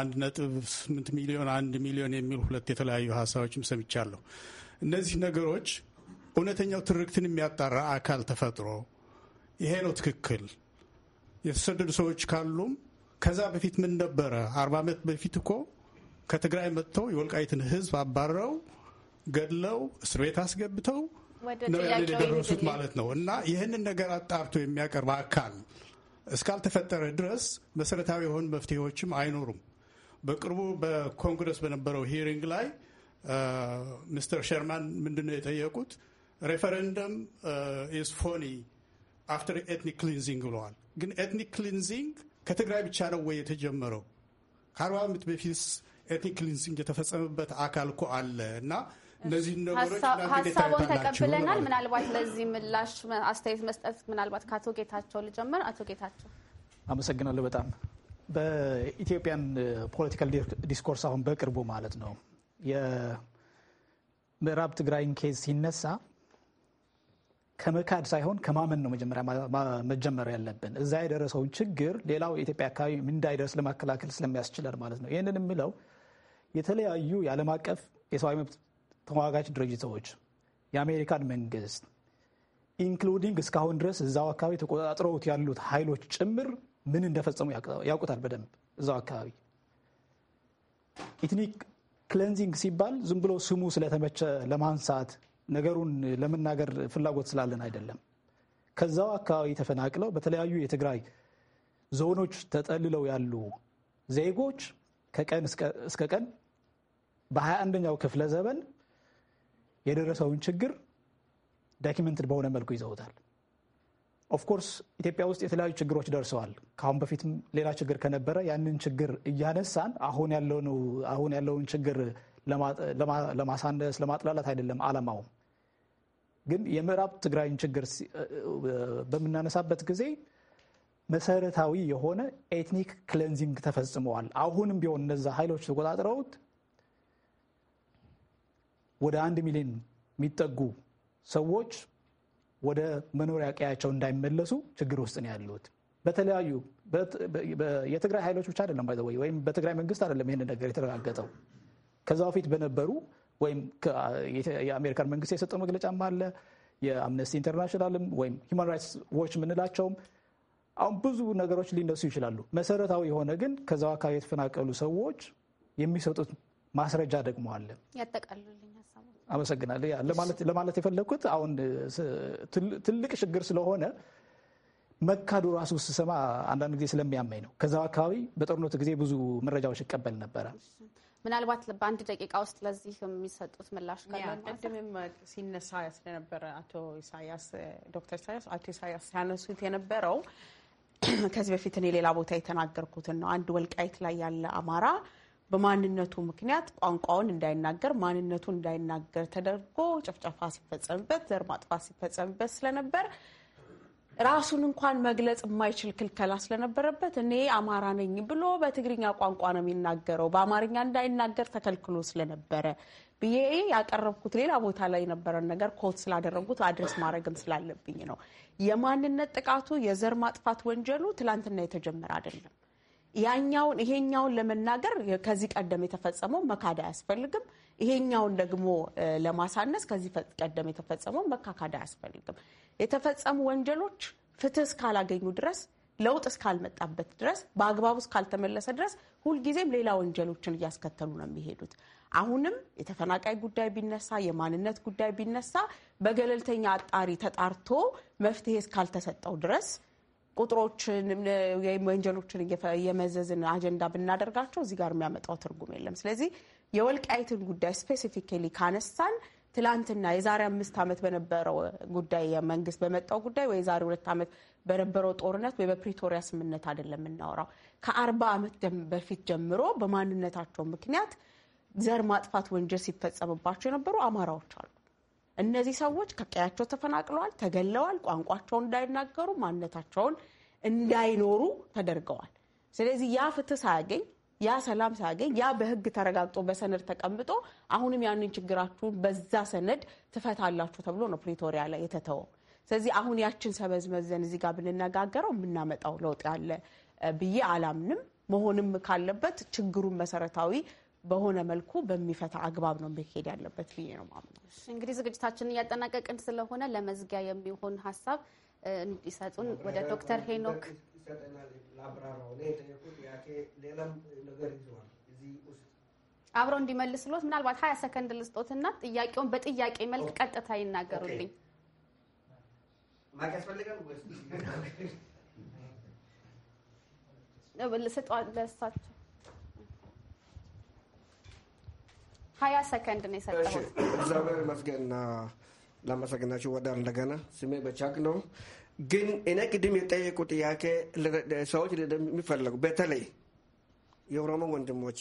አንድ ነጥብ ስምንት ሚሊዮን አንድ ሚሊዮን የሚል ሁለት የተለያዩ ሀሳቦችም ሰምቻለሁ። እነዚህ ነገሮች እውነተኛው ትርክትን የሚያጣራ አካል ተፈጥሮ ይሄ ነው ትክክል የተሰደዱ ሰዎች ካሉም ከዛ በፊት ምን ነበረ? አርባ ዓመት በፊት እኮ ከትግራይ መጥተው የወልቃይትን ህዝብ አባረው ገድለው እስር ቤት አስገብተው ነው ያንን የደረሱት ማለት ነው። እና ይህንን ነገር አጣርቶ የሚያቀርብ አካል እስካልተፈጠረ ድረስ መሰረታዊ የሆኑ መፍትሄዎችም አይኖሩም። በቅርቡ በኮንግረስ በነበረው ሂሪንግ ላይ ሚስተር ሸርማን ምንድነው የጠየቁት? ሬፈረንደም ኢዝ ፎኒ አፍተር ኤትኒክ ክሊንዚንግ ብለዋል። ግን ኤትኒክ ክሊንዚንግ ከትግራይ ብቻ ነው ወይ የተጀመረው? ከአርባ ዓመት በፊትስ ኤትኒክ ክሊንዚንግ የተፈጸመበት አካል እኮ አለ እና እነዚህ ነገሮች ሀሳቡን ተቀብለናል። ምናልባት ለዚህ ምላሽ አስተያየት መስጠት ምናልባት ከአቶ ጌታቸው ልጀምር። አቶ ጌታቸው አመሰግናለሁ። በጣም በኢትዮጵያን ፖለቲካል ዲስኮርስ አሁን በቅርቡ ማለት ነው የምዕራብ ትግራይን ኬዝ ሲነሳ ከመካድ ሳይሆን ከማመን ነው መጀመሪያ መጀመር ያለብን። እዛ የደረሰውን ችግር ሌላው የኢትዮጵያ አካባቢ እንዳይደርስ ለማከላከል ስለሚያስችለን ማለት ነው። ይህንን የምለው የተለያዩ የዓለም አቀፍ የሰብአዊ መብት ተሟጋች ድርጅቶች፣ የአሜሪካን መንግስት ኢንክሉዲንግ እስካሁን ድረስ እዛው አካባቢ ተቆጣጥረውት ያሉት ኃይሎች ጭምር ምን እንደፈጸሙ ያውቁታል በደንብ እዛው አካባቢ ኢትኒክ ክሌንዚንግ ሲባል ዝም ብሎ ስሙ ስለተመቸ ለማንሳት ነገሩን ለመናገር ፍላጎት ስላለን አይደለም። ከዛው አካባቢ ተፈናቅለው በተለያዩ የትግራይ ዞኖች ተጠልለው ያሉ ዜጎች ከቀን እስከ ቀን በሀያ አንደኛው ክፍለ ዘመን የደረሰውን ችግር ዳኪመንትድ በሆነ መልኩ ይዘውታል። ኦፍኮርስ ኢትዮጵያ ውስጥ የተለያዩ ችግሮች ደርሰዋል። ከአሁን በፊትም ሌላ ችግር ከነበረ ያንን ችግር እያነሳን አሁን ያለውን ችግር ለማሳነስ ለማጥላላት አይደለም አላማው። ግን የምዕራብ ትግራይን ችግር በምናነሳበት ጊዜ መሰረታዊ የሆነ ኤትኒክ ክሌንዚንግ ተፈጽመዋል። አሁንም ቢሆን እነዛ ኃይሎች ተቆጣጥረውት ወደ አንድ ሚሊዮን የሚጠጉ ሰዎች ወደ መኖሪያ ቀያቸው እንዳይመለሱ ችግር ውስጥ ነው ያሉት። በተለያዩ የትግራይ ኃይሎች ብቻ አይደለም ወይም በትግራይ መንግስት አይደለም ይህን ነገር የተረጋገጠው ከዛ በፊት በነበሩ ወይም የአሜሪካን መንግስት የሰጠው መግለጫም አለ የአምነስቲ ኢንተርናሽናልም ወይም ሂውማን ራይትስ ዎች የምንላቸውም አሁን ብዙ ነገሮች ሊነሱ ይችላሉ። መሰረታዊ የሆነ ግን ከዛው አካባቢ የተፈናቀሉ ሰዎች የሚሰጡት ማስረጃ ደግሞ አለ። አመሰግናለሁ። ለማለት የፈለግኩት አሁን ትልቅ ችግር ስለሆነ መካዱ ራሱ ስሰማ አንዳንድ ጊዜ ስለሚያመኝ ነው። ከዛ አካባቢ በጦርነቱ ጊዜ ብዙ መረጃዎች ይቀበል ነበረ። ምናልባት በአንድ ደቂቃ ውስጥ ለዚህ የሚሰጡት ምላሽ ካለ ቅድምም ሲነሳ ስለነበረ አቶ ኢሳያስ ዶክተር ኢሳያስ አቶ ኢሳያስ ሲያነሱት የነበረው [CLEARS THROAT] ከዚህ በፊት እኔ ሌላ ቦታ የተናገርኩትን ነው። አንድ ወልቃይት ላይ ያለ አማራ በማንነቱ ምክንያት ቋንቋውን እንዳይናገር ማንነቱን እንዳይናገር ተደርጎ ጭፍጨፋ ሲፈጸምበት፣ ዘር ማጥፋት ሲፈጸምበት ስለነበር ራሱን እንኳን መግለጽ የማይችል ክልከላ ስለነበረበት እኔ አማራ ነኝ ብሎ በትግርኛ ቋንቋ ነው የሚናገረው፣ በአማርኛ እንዳይናገር ተከልክሎ ስለነበረ ብዬ ያቀረብኩት ሌላ ቦታ ላይ የነበረን ነገር ኮት ስላደረጉት አድረስ ማድረግም ስላለብኝ ነው። የማንነት ጥቃቱ የዘር ማጥፋት ወንጀሉ ትላንትና የተጀመረ አይደለም። ያኛውን ይሄኛውን ለመናገር ከዚህ ቀደም የተፈጸመው መካድ አያስፈልግም። ይሄኛውን ደግሞ ለማሳነስ ከዚህ ቀደም የተፈጸመው መካካድ አያስፈልግም። የተፈጸሙ ወንጀሎች ፍትህ እስካላገኙ ድረስ ለውጥ እስካልመጣበት ድረስ በአግባቡ እስካልተመለሰ ድረስ ሁልጊዜም ሌላ ወንጀሎችን እያስከተሉ ነው የሚሄዱት። አሁንም የተፈናቃይ ጉዳይ ቢነሳ፣ የማንነት ጉዳይ ቢነሳ በገለልተኛ አጣሪ ተጣርቶ መፍትሄ እስካልተሰጠው ድረስ ቁጥሮችን ወንጀሎችን የመዘዝን አጀንዳ ብናደርጋቸው እዚህ ጋር የሚያመጣው ትርጉም የለም። ስለዚህ የወልቃይትን ጉዳይ ስፔሲፊካሊ ካነሳን ትላንትና የዛሬ አምስት ዓመት በነበረው ጉዳይ መንግስት በመጣው ጉዳይ ወይ የዛሬ ሁለት ዓመት በነበረው ጦርነት ወይ በፕሪቶሪያ ስምምነት አይደለም የምናወራው። ከአርባ ዓመት በፊት ጀምሮ በማንነታቸው ምክንያት ዘር ማጥፋት ወንጀል ሲፈጸምባቸው የነበሩ አማራዎች አሉ። እነዚህ ሰዎች ከቀያቸው ተፈናቅለዋል፣ ተገለዋል፣ ቋንቋቸውን እንዳይናገሩ ማንነታቸውን እንዳይኖሩ ተደርገዋል። ስለዚህ ያ ፍትህ ሳያገኝ ያ ሰላም ሳያገኝ ያ በህግ ተረጋግጦ በሰነድ ተቀምጦ አሁንም ያንን ችግራችሁን በዛ ሰነድ ትፈታላችሁ ተብሎ ነው ፕሪቶሪያ ላይ የተተወው። ስለዚህ አሁን ያችን ሰበዝመዘን እዚህ ጋር ብንነጋገረው የምናመጣው ለውጥ ያለ ብዬ አላምንም። መሆንም ካለበት ችግሩን መሰረታዊ በሆነ መልኩ በሚፈታ አግባብ ነው መሄድ ያለበት ብዬ ነው የማምነው። እንግዲህ ዝግጅታችንን እያጠናቀቅን ስለሆነ ለመዝጊያ የሚሆን ሀሳብ እንዲሰጡን ወደ ዶክተር ሄኖክ ይሰጠናል ላብራራው ነው የጠየቁት። ያኬ ሌላም ነገር ይዘዋል እዚህ ውስጥ አብረው እንዲመልስሎት ምናልባት ሀያ ሰከንድ ልስጦትና ጥያቄውን በጥያቄ መልክ ቀጥታ ይናገሩልኝ። ማቅ ሀያ ሰከንድ ነው የሰጠሁት። እግዚአብሔር ይመስገን። ላመሰግናችሁ ወዳል እንደገና ስሜ በቻክ ነው። ግን እኔ ቅድም የጠየቁ ጥያቄ ሰዎች የሚፈለጉ በተለይ የኦሮሞ ወንድሞቼ፣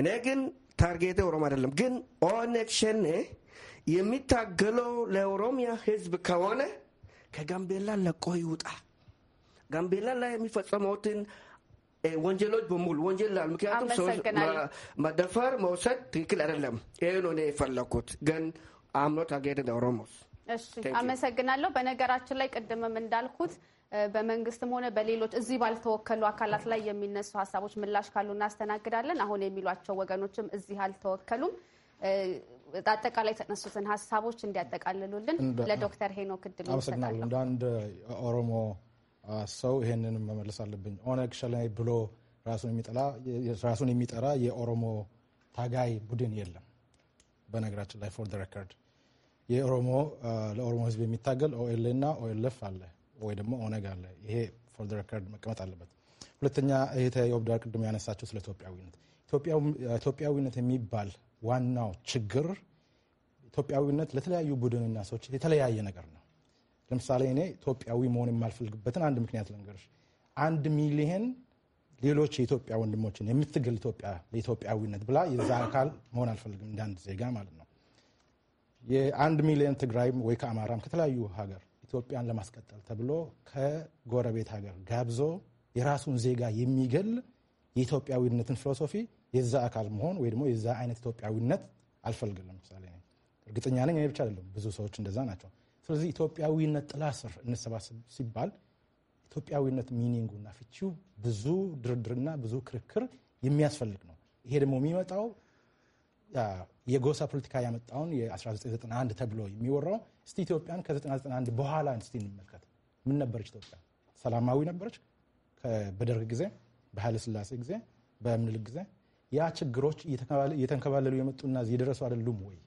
እኔ ግን ታርጌቴ ኦሮሞ አይደለም። ግን ኦነግ ሸኔ የሚታገለው ለኦሮሚያ ሕዝብ ከሆነ ከጋምቤላ ለቆ ይውጣ። ጋምቤላ ላይ የሚፈጸመውትን ወንጀሎች በሙሉ ወንጀል ላል ምክንያቱም ሰዎች መደፈር መውሰድ ትክክል አይደለም። ይህ ነው እኔ የፈለኩት ግን አምኖ ታርጌቴ ኦሮሞስ እሺ አመሰግናለሁ። በነገራችን ላይ ቅድምም እንዳልኩት በመንግስትም ሆነ በሌሎች እዚህ ባልተወከሉ አካላት ላይ የሚነሱ ሀሳቦች ምላሽ ካሉ እናስተናግዳለን። አሁን የሚሏቸው ወገኖችም እዚህ አልተወከሉም። አጠቃላይ የተነሱትን ሀሳቦች እንዲያጠቃልሉልን ለዶክተር ሄኖክ እድል አመሰግናለሁ። እንደ አንድ ኦሮሞ ሰው ይሄንን መመለስ አለብኝ። ኦነግ ሸኔ ብሎ ራሱን የሚጠራ የኦሮሞ ታጋይ ቡድን የለም። በነገራችን ላይ ፎር ደ ሬከርድ የኦሮሞ ለኦሮሞ ህዝብ የሚታገል ኦኤል እና ኦኤልኤፍ አለ ወይ ደግሞ ኦነግ አለ። ይሄ ፎር ዘ ሬከርድ መቀመጥ አለበት። ሁለተኛ ይህ የኦብዳር ቅድም ያነሳቸው ስለ ኢትዮጵያዊነት ኢትዮጵያዊነት የሚባል ዋናው ችግር ኢትዮጵያዊነት ለተለያዩ ቡድንና ሰዎች የተለያየ ነገር ነው። ለምሳሌ እኔ ኢትዮጵያዊ መሆን የማልፈልግበትን አንድ ምክንያት ልንገርሽ። አንድ ሚሊየን ሌሎች የኢትዮጵያ ወንድሞችን የምትግል ኢትዮጵያ ለኢትዮጵያዊነት ብላ የዛ አካል መሆን አልፈልግም፣ እንዳንድ ዜጋ ማለት ነው። የአንድ ሚሊዮን ትግራይም ወይ ከአማራም ከተለያዩ ሀገር ኢትዮጵያን ለማስቀጠል ተብሎ ከጎረቤት ሀገር ጋብዞ የራሱን ዜጋ የሚገል የኢትዮጵያዊነትን ፊሎሶፊ የዛ አካል መሆን ወይ ደግሞ የዛ አይነት ኢትዮጵያዊነት አልፈልግም። ለምሳሌ እርግጠኛ ነኝ እኔ ብቻ አይደለም ብዙ ሰዎች እንደዛ ናቸው። ስለዚህ ኢትዮጵያዊነት ጥላ ስር እንሰባሰብ ሲባል ኢትዮጵያዊነት ሚኒንጉና ፍቺው ብዙ ድርድርና ብዙ ክርክር የሚያስፈልግ ነው። ይሄ ደግሞ የሚመጣው የጎሳ ፖለቲካ ያመጣውን የ1991 ተብሎ የሚወራው እስቲ ኢትዮጵያን ከ1991 በኋላ እስቲ እንመልከት። ምን ነበረች ኢትዮጵያ? ሰላማዊ ነበረች? በደርግ ጊዜ፣ በኃይለ ስላሴ ጊዜ፣ በምኒልክ ጊዜ ያ ችግሮች እየተንከባለሉ የመጡና የደረሱ አይደሉም ወይ?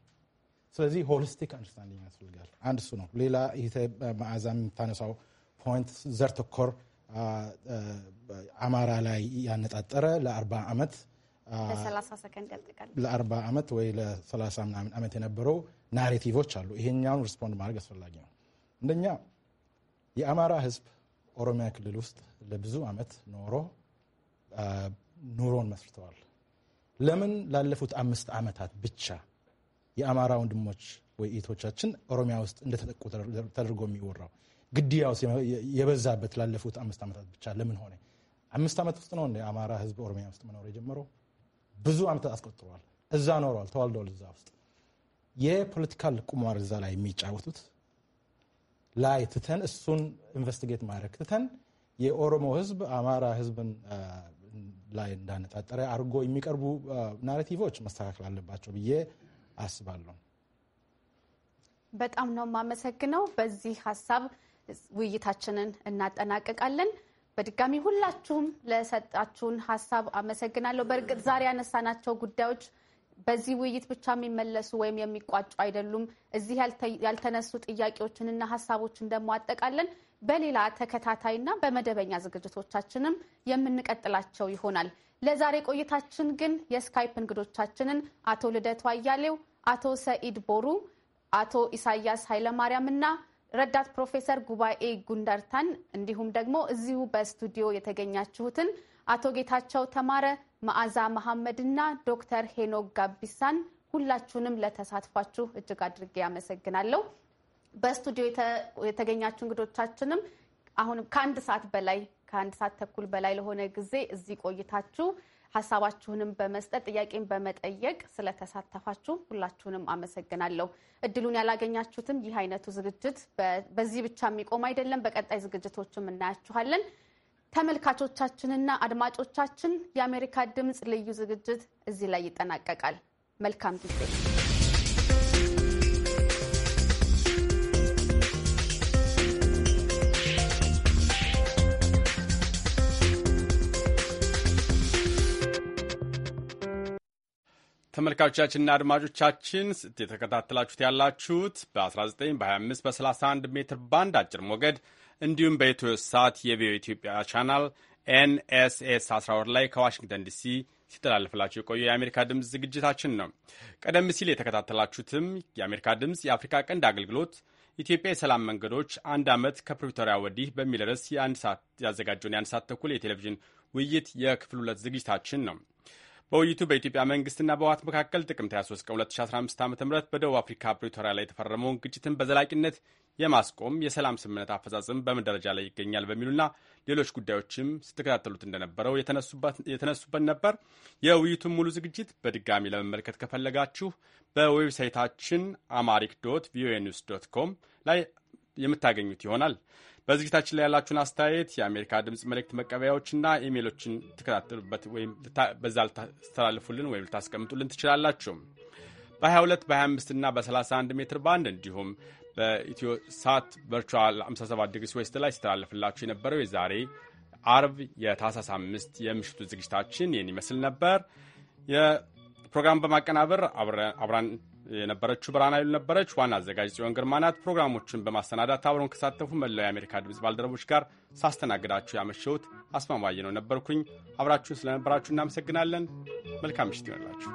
ስለዚህ ሆሊስቲክ አንደርስታንዲንግ ያስፈልጋል። አንድ እሱ ነው። ሌላ መዓዛ የምታነሳው ፖይንት ዘር ተኮር አማራ ላይ ያነጣጠረ ለአርባ ዓመት ለአርባ ዓመት ወይ ለሰላሳ ምናምን ዓመት የነበረው ናሬቲቮች አሉ። ይሄኛውን ሪስፖንድ ማድረግ አስፈላጊ ነው። እንደኛ የአማራ ህዝብ ኦሮሚያ ክልል ውስጥ ለብዙ ዓመት ኖሮ ኑሮን መስርተዋል። ለምን ላለፉት አምስት ዓመታት ብቻ የአማራ ወንድሞች ወይ እህቶቻችን ኦሮሚያ ውስጥ እንደተጠቁ ተደርጎ የሚወራው ግድያውስ የበዛበት ላለፉት አምስት ዓመታት ብቻ ለምን ሆነ? አምስት ዓመት ውስጥ ነው እንደ አማራ ህዝብ ኦሮሚያ ውስጥ መኖር የጀመረው። ብዙ ዓመታት አስቆጥረዋል። እዛ ኖረዋል፣ ተዋልደዋል። እዛ ውስጥ የፖለቲካል ቁማር እዛ ላይ የሚጫወቱት ላይ ትተን እሱን ኢንቨስቲጌት ማድረግ ትተን የኦሮሞ ህዝብ አማራ ህዝብን ላይ እንዳነጣጠረ አድርጎ የሚቀርቡ ናሬቲቮች መስተካከል አለባቸው ብዬ አስባለሁ። በጣም ነው የማመሰግነው። በዚህ ሀሳብ ውይይታችንን እናጠናቀቃለን። በድጋሚ ሁላችሁም ለሰጣችሁን ሀሳብ አመሰግናለሁ። በእርግጥ ዛሬ ያነሳናቸው ጉዳዮች በዚህ ውይይት ብቻ የሚመለሱ ወይም የሚቋጩ አይደሉም። እዚህ ያልተነሱ ጥያቄዎችንና ሀሳቦችን ደግሞ አጠቃለን በሌላ ተከታታይና በመደበኛ ዝግጅቶቻችንም የምንቀጥላቸው ይሆናል። ለዛሬ ቆይታችን ግን የስካይፕ እንግዶቻችንን አቶ ልደቱ አያሌው፣ አቶ ሰኢድ ቦሩ፣ አቶ ኢሳያስ ኃይለማርያም እና ረዳት ፕሮፌሰር ጉባኤ ጉንደርታን እንዲሁም ደግሞ እዚሁ በስቱዲዮ የተገኛችሁትን አቶ ጌታቸው ተማረ፣ መዓዛ መሐመድና ዶክተር ሄኖክ ጋቢሳን ሁላችሁንም ለተሳትፏችሁ እጅግ አድርጌ ያመሰግናለሁ። በስቱዲዮ የተገኛችሁ እንግዶቻችንም አሁን ከአንድ ሰዓት በላይ ከአንድ ሰዓት ተኩል በላይ ለሆነ ጊዜ እዚህ ቆይታችሁ ሀሳባችሁንም በመስጠት ጥያቄን በመጠየቅ ስለተሳተፋችሁ ሁላችሁንም አመሰግናለሁ። እድሉን ያላገኛችሁትም ይህ አይነቱ ዝግጅት በዚህ ብቻ የሚቆም አይደለም። በቀጣይ ዝግጅቶችም እናያችኋለን። ተመልካቾቻችንና አድማጮቻችን የአሜሪካ ድምፅ ልዩ ዝግጅት እዚህ ላይ ይጠናቀቃል። መልካም ጊዜ ተመልካቾቻችንና አድማጮቻችን የተከታተላችሁት ያላችሁት በ19 በ25 በ31 ሜትር ባንድ አጭር ሞገድ እንዲሁም በኢትዮ ሳት የቪኦኤ ኢትዮጵያ ቻናል ኤንኤስኤስ 12 ላይ ከዋሽንግተን ዲሲ ሲተላለፍላቸው የቆዩ የአሜሪካ ድምፅ ዝግጅታችን ነው። ቀደም ሲል የተከታተላችሁትም የአሜሪካ ድምፅ የአፍሪካ ቀንድ አገልግሎት ኢትዮጵያ የሰላም መንገዶች አንድ ዓመት ከፕሪቶሪያ ወዲህ በሚል ርዕስ ያዘጋጀውን የአንድ ሰዓት ተኩል የቴሌቪዥን ውይይት የክፍል ሁለት ዝግጅታችን ነው። በውይይቱ በኢትዮጵያ መንግስትና በህወሓት መካከል ጥቅምት 23 ቀን 2015 ዓ ም በደቡብ አፍሪካ ፕሪቶሪያ ላይ የተፈረመውን ግጭትን በዘላቂነት የማስቆም የሰላም ስምምነት አፈጻጸም በምን ደረጃ ላይ ይገኛል በሚሉና ሌሎች ጉዳዮችም ስትከታተሉት እንደነበረው የተነሱበት ነበር። የውይይቱን ሙሉ ዝግጅት በድጋሚ ለመመልከት ከፈለጋችሁ በዌብሳይታችን አማሪክ ዶት ቪኦኤ ኒውስ ዶት ኮም ላይ የምታገኙት ይሆናል። በዝግጅታችን ላይ ያላችሁን አስተያየት የአሜሪካ ድምፅ መልእክት መቀበያዎችና ኢሜሎችን ትከታተሉበት ወይም በዛ ልታስተላልፉልን ወይም ልታስቀምጡልን ትችላላችሁ። በ22 በ25 እና በ31 ሜትር ባንድ እንዲሁም በኢትዮ ሳት ቨርቹዋል 57 ዲግሪ ዌስት ላይ ሲተላለፍላችሁ የነበረው የዛሬ አርብ የታህሳስ 5 የምሽቱ ዝግጅታችን ይህን ይመስል ነበር። ፕሮግራም በማቀናበር አብራን የነበረችው ብርሃን ኃይሉ ነበረች። ዋና አዘጋጅ ጽዮን ግርማ ናት። ፕሮግራሞችን በማሰናዳት አብረውን ከሳተፉ መላው የአሜሪካ ድምፅ ባልደረቦች ጋር ሳስተናግዳችሁ ያመሸሁት አስማማየ ነው ነበርኩኝ። አብራችሁን ስለነበራችሁ እናመሰግናለን። መልካም ምሽት ይሆንላችሁ።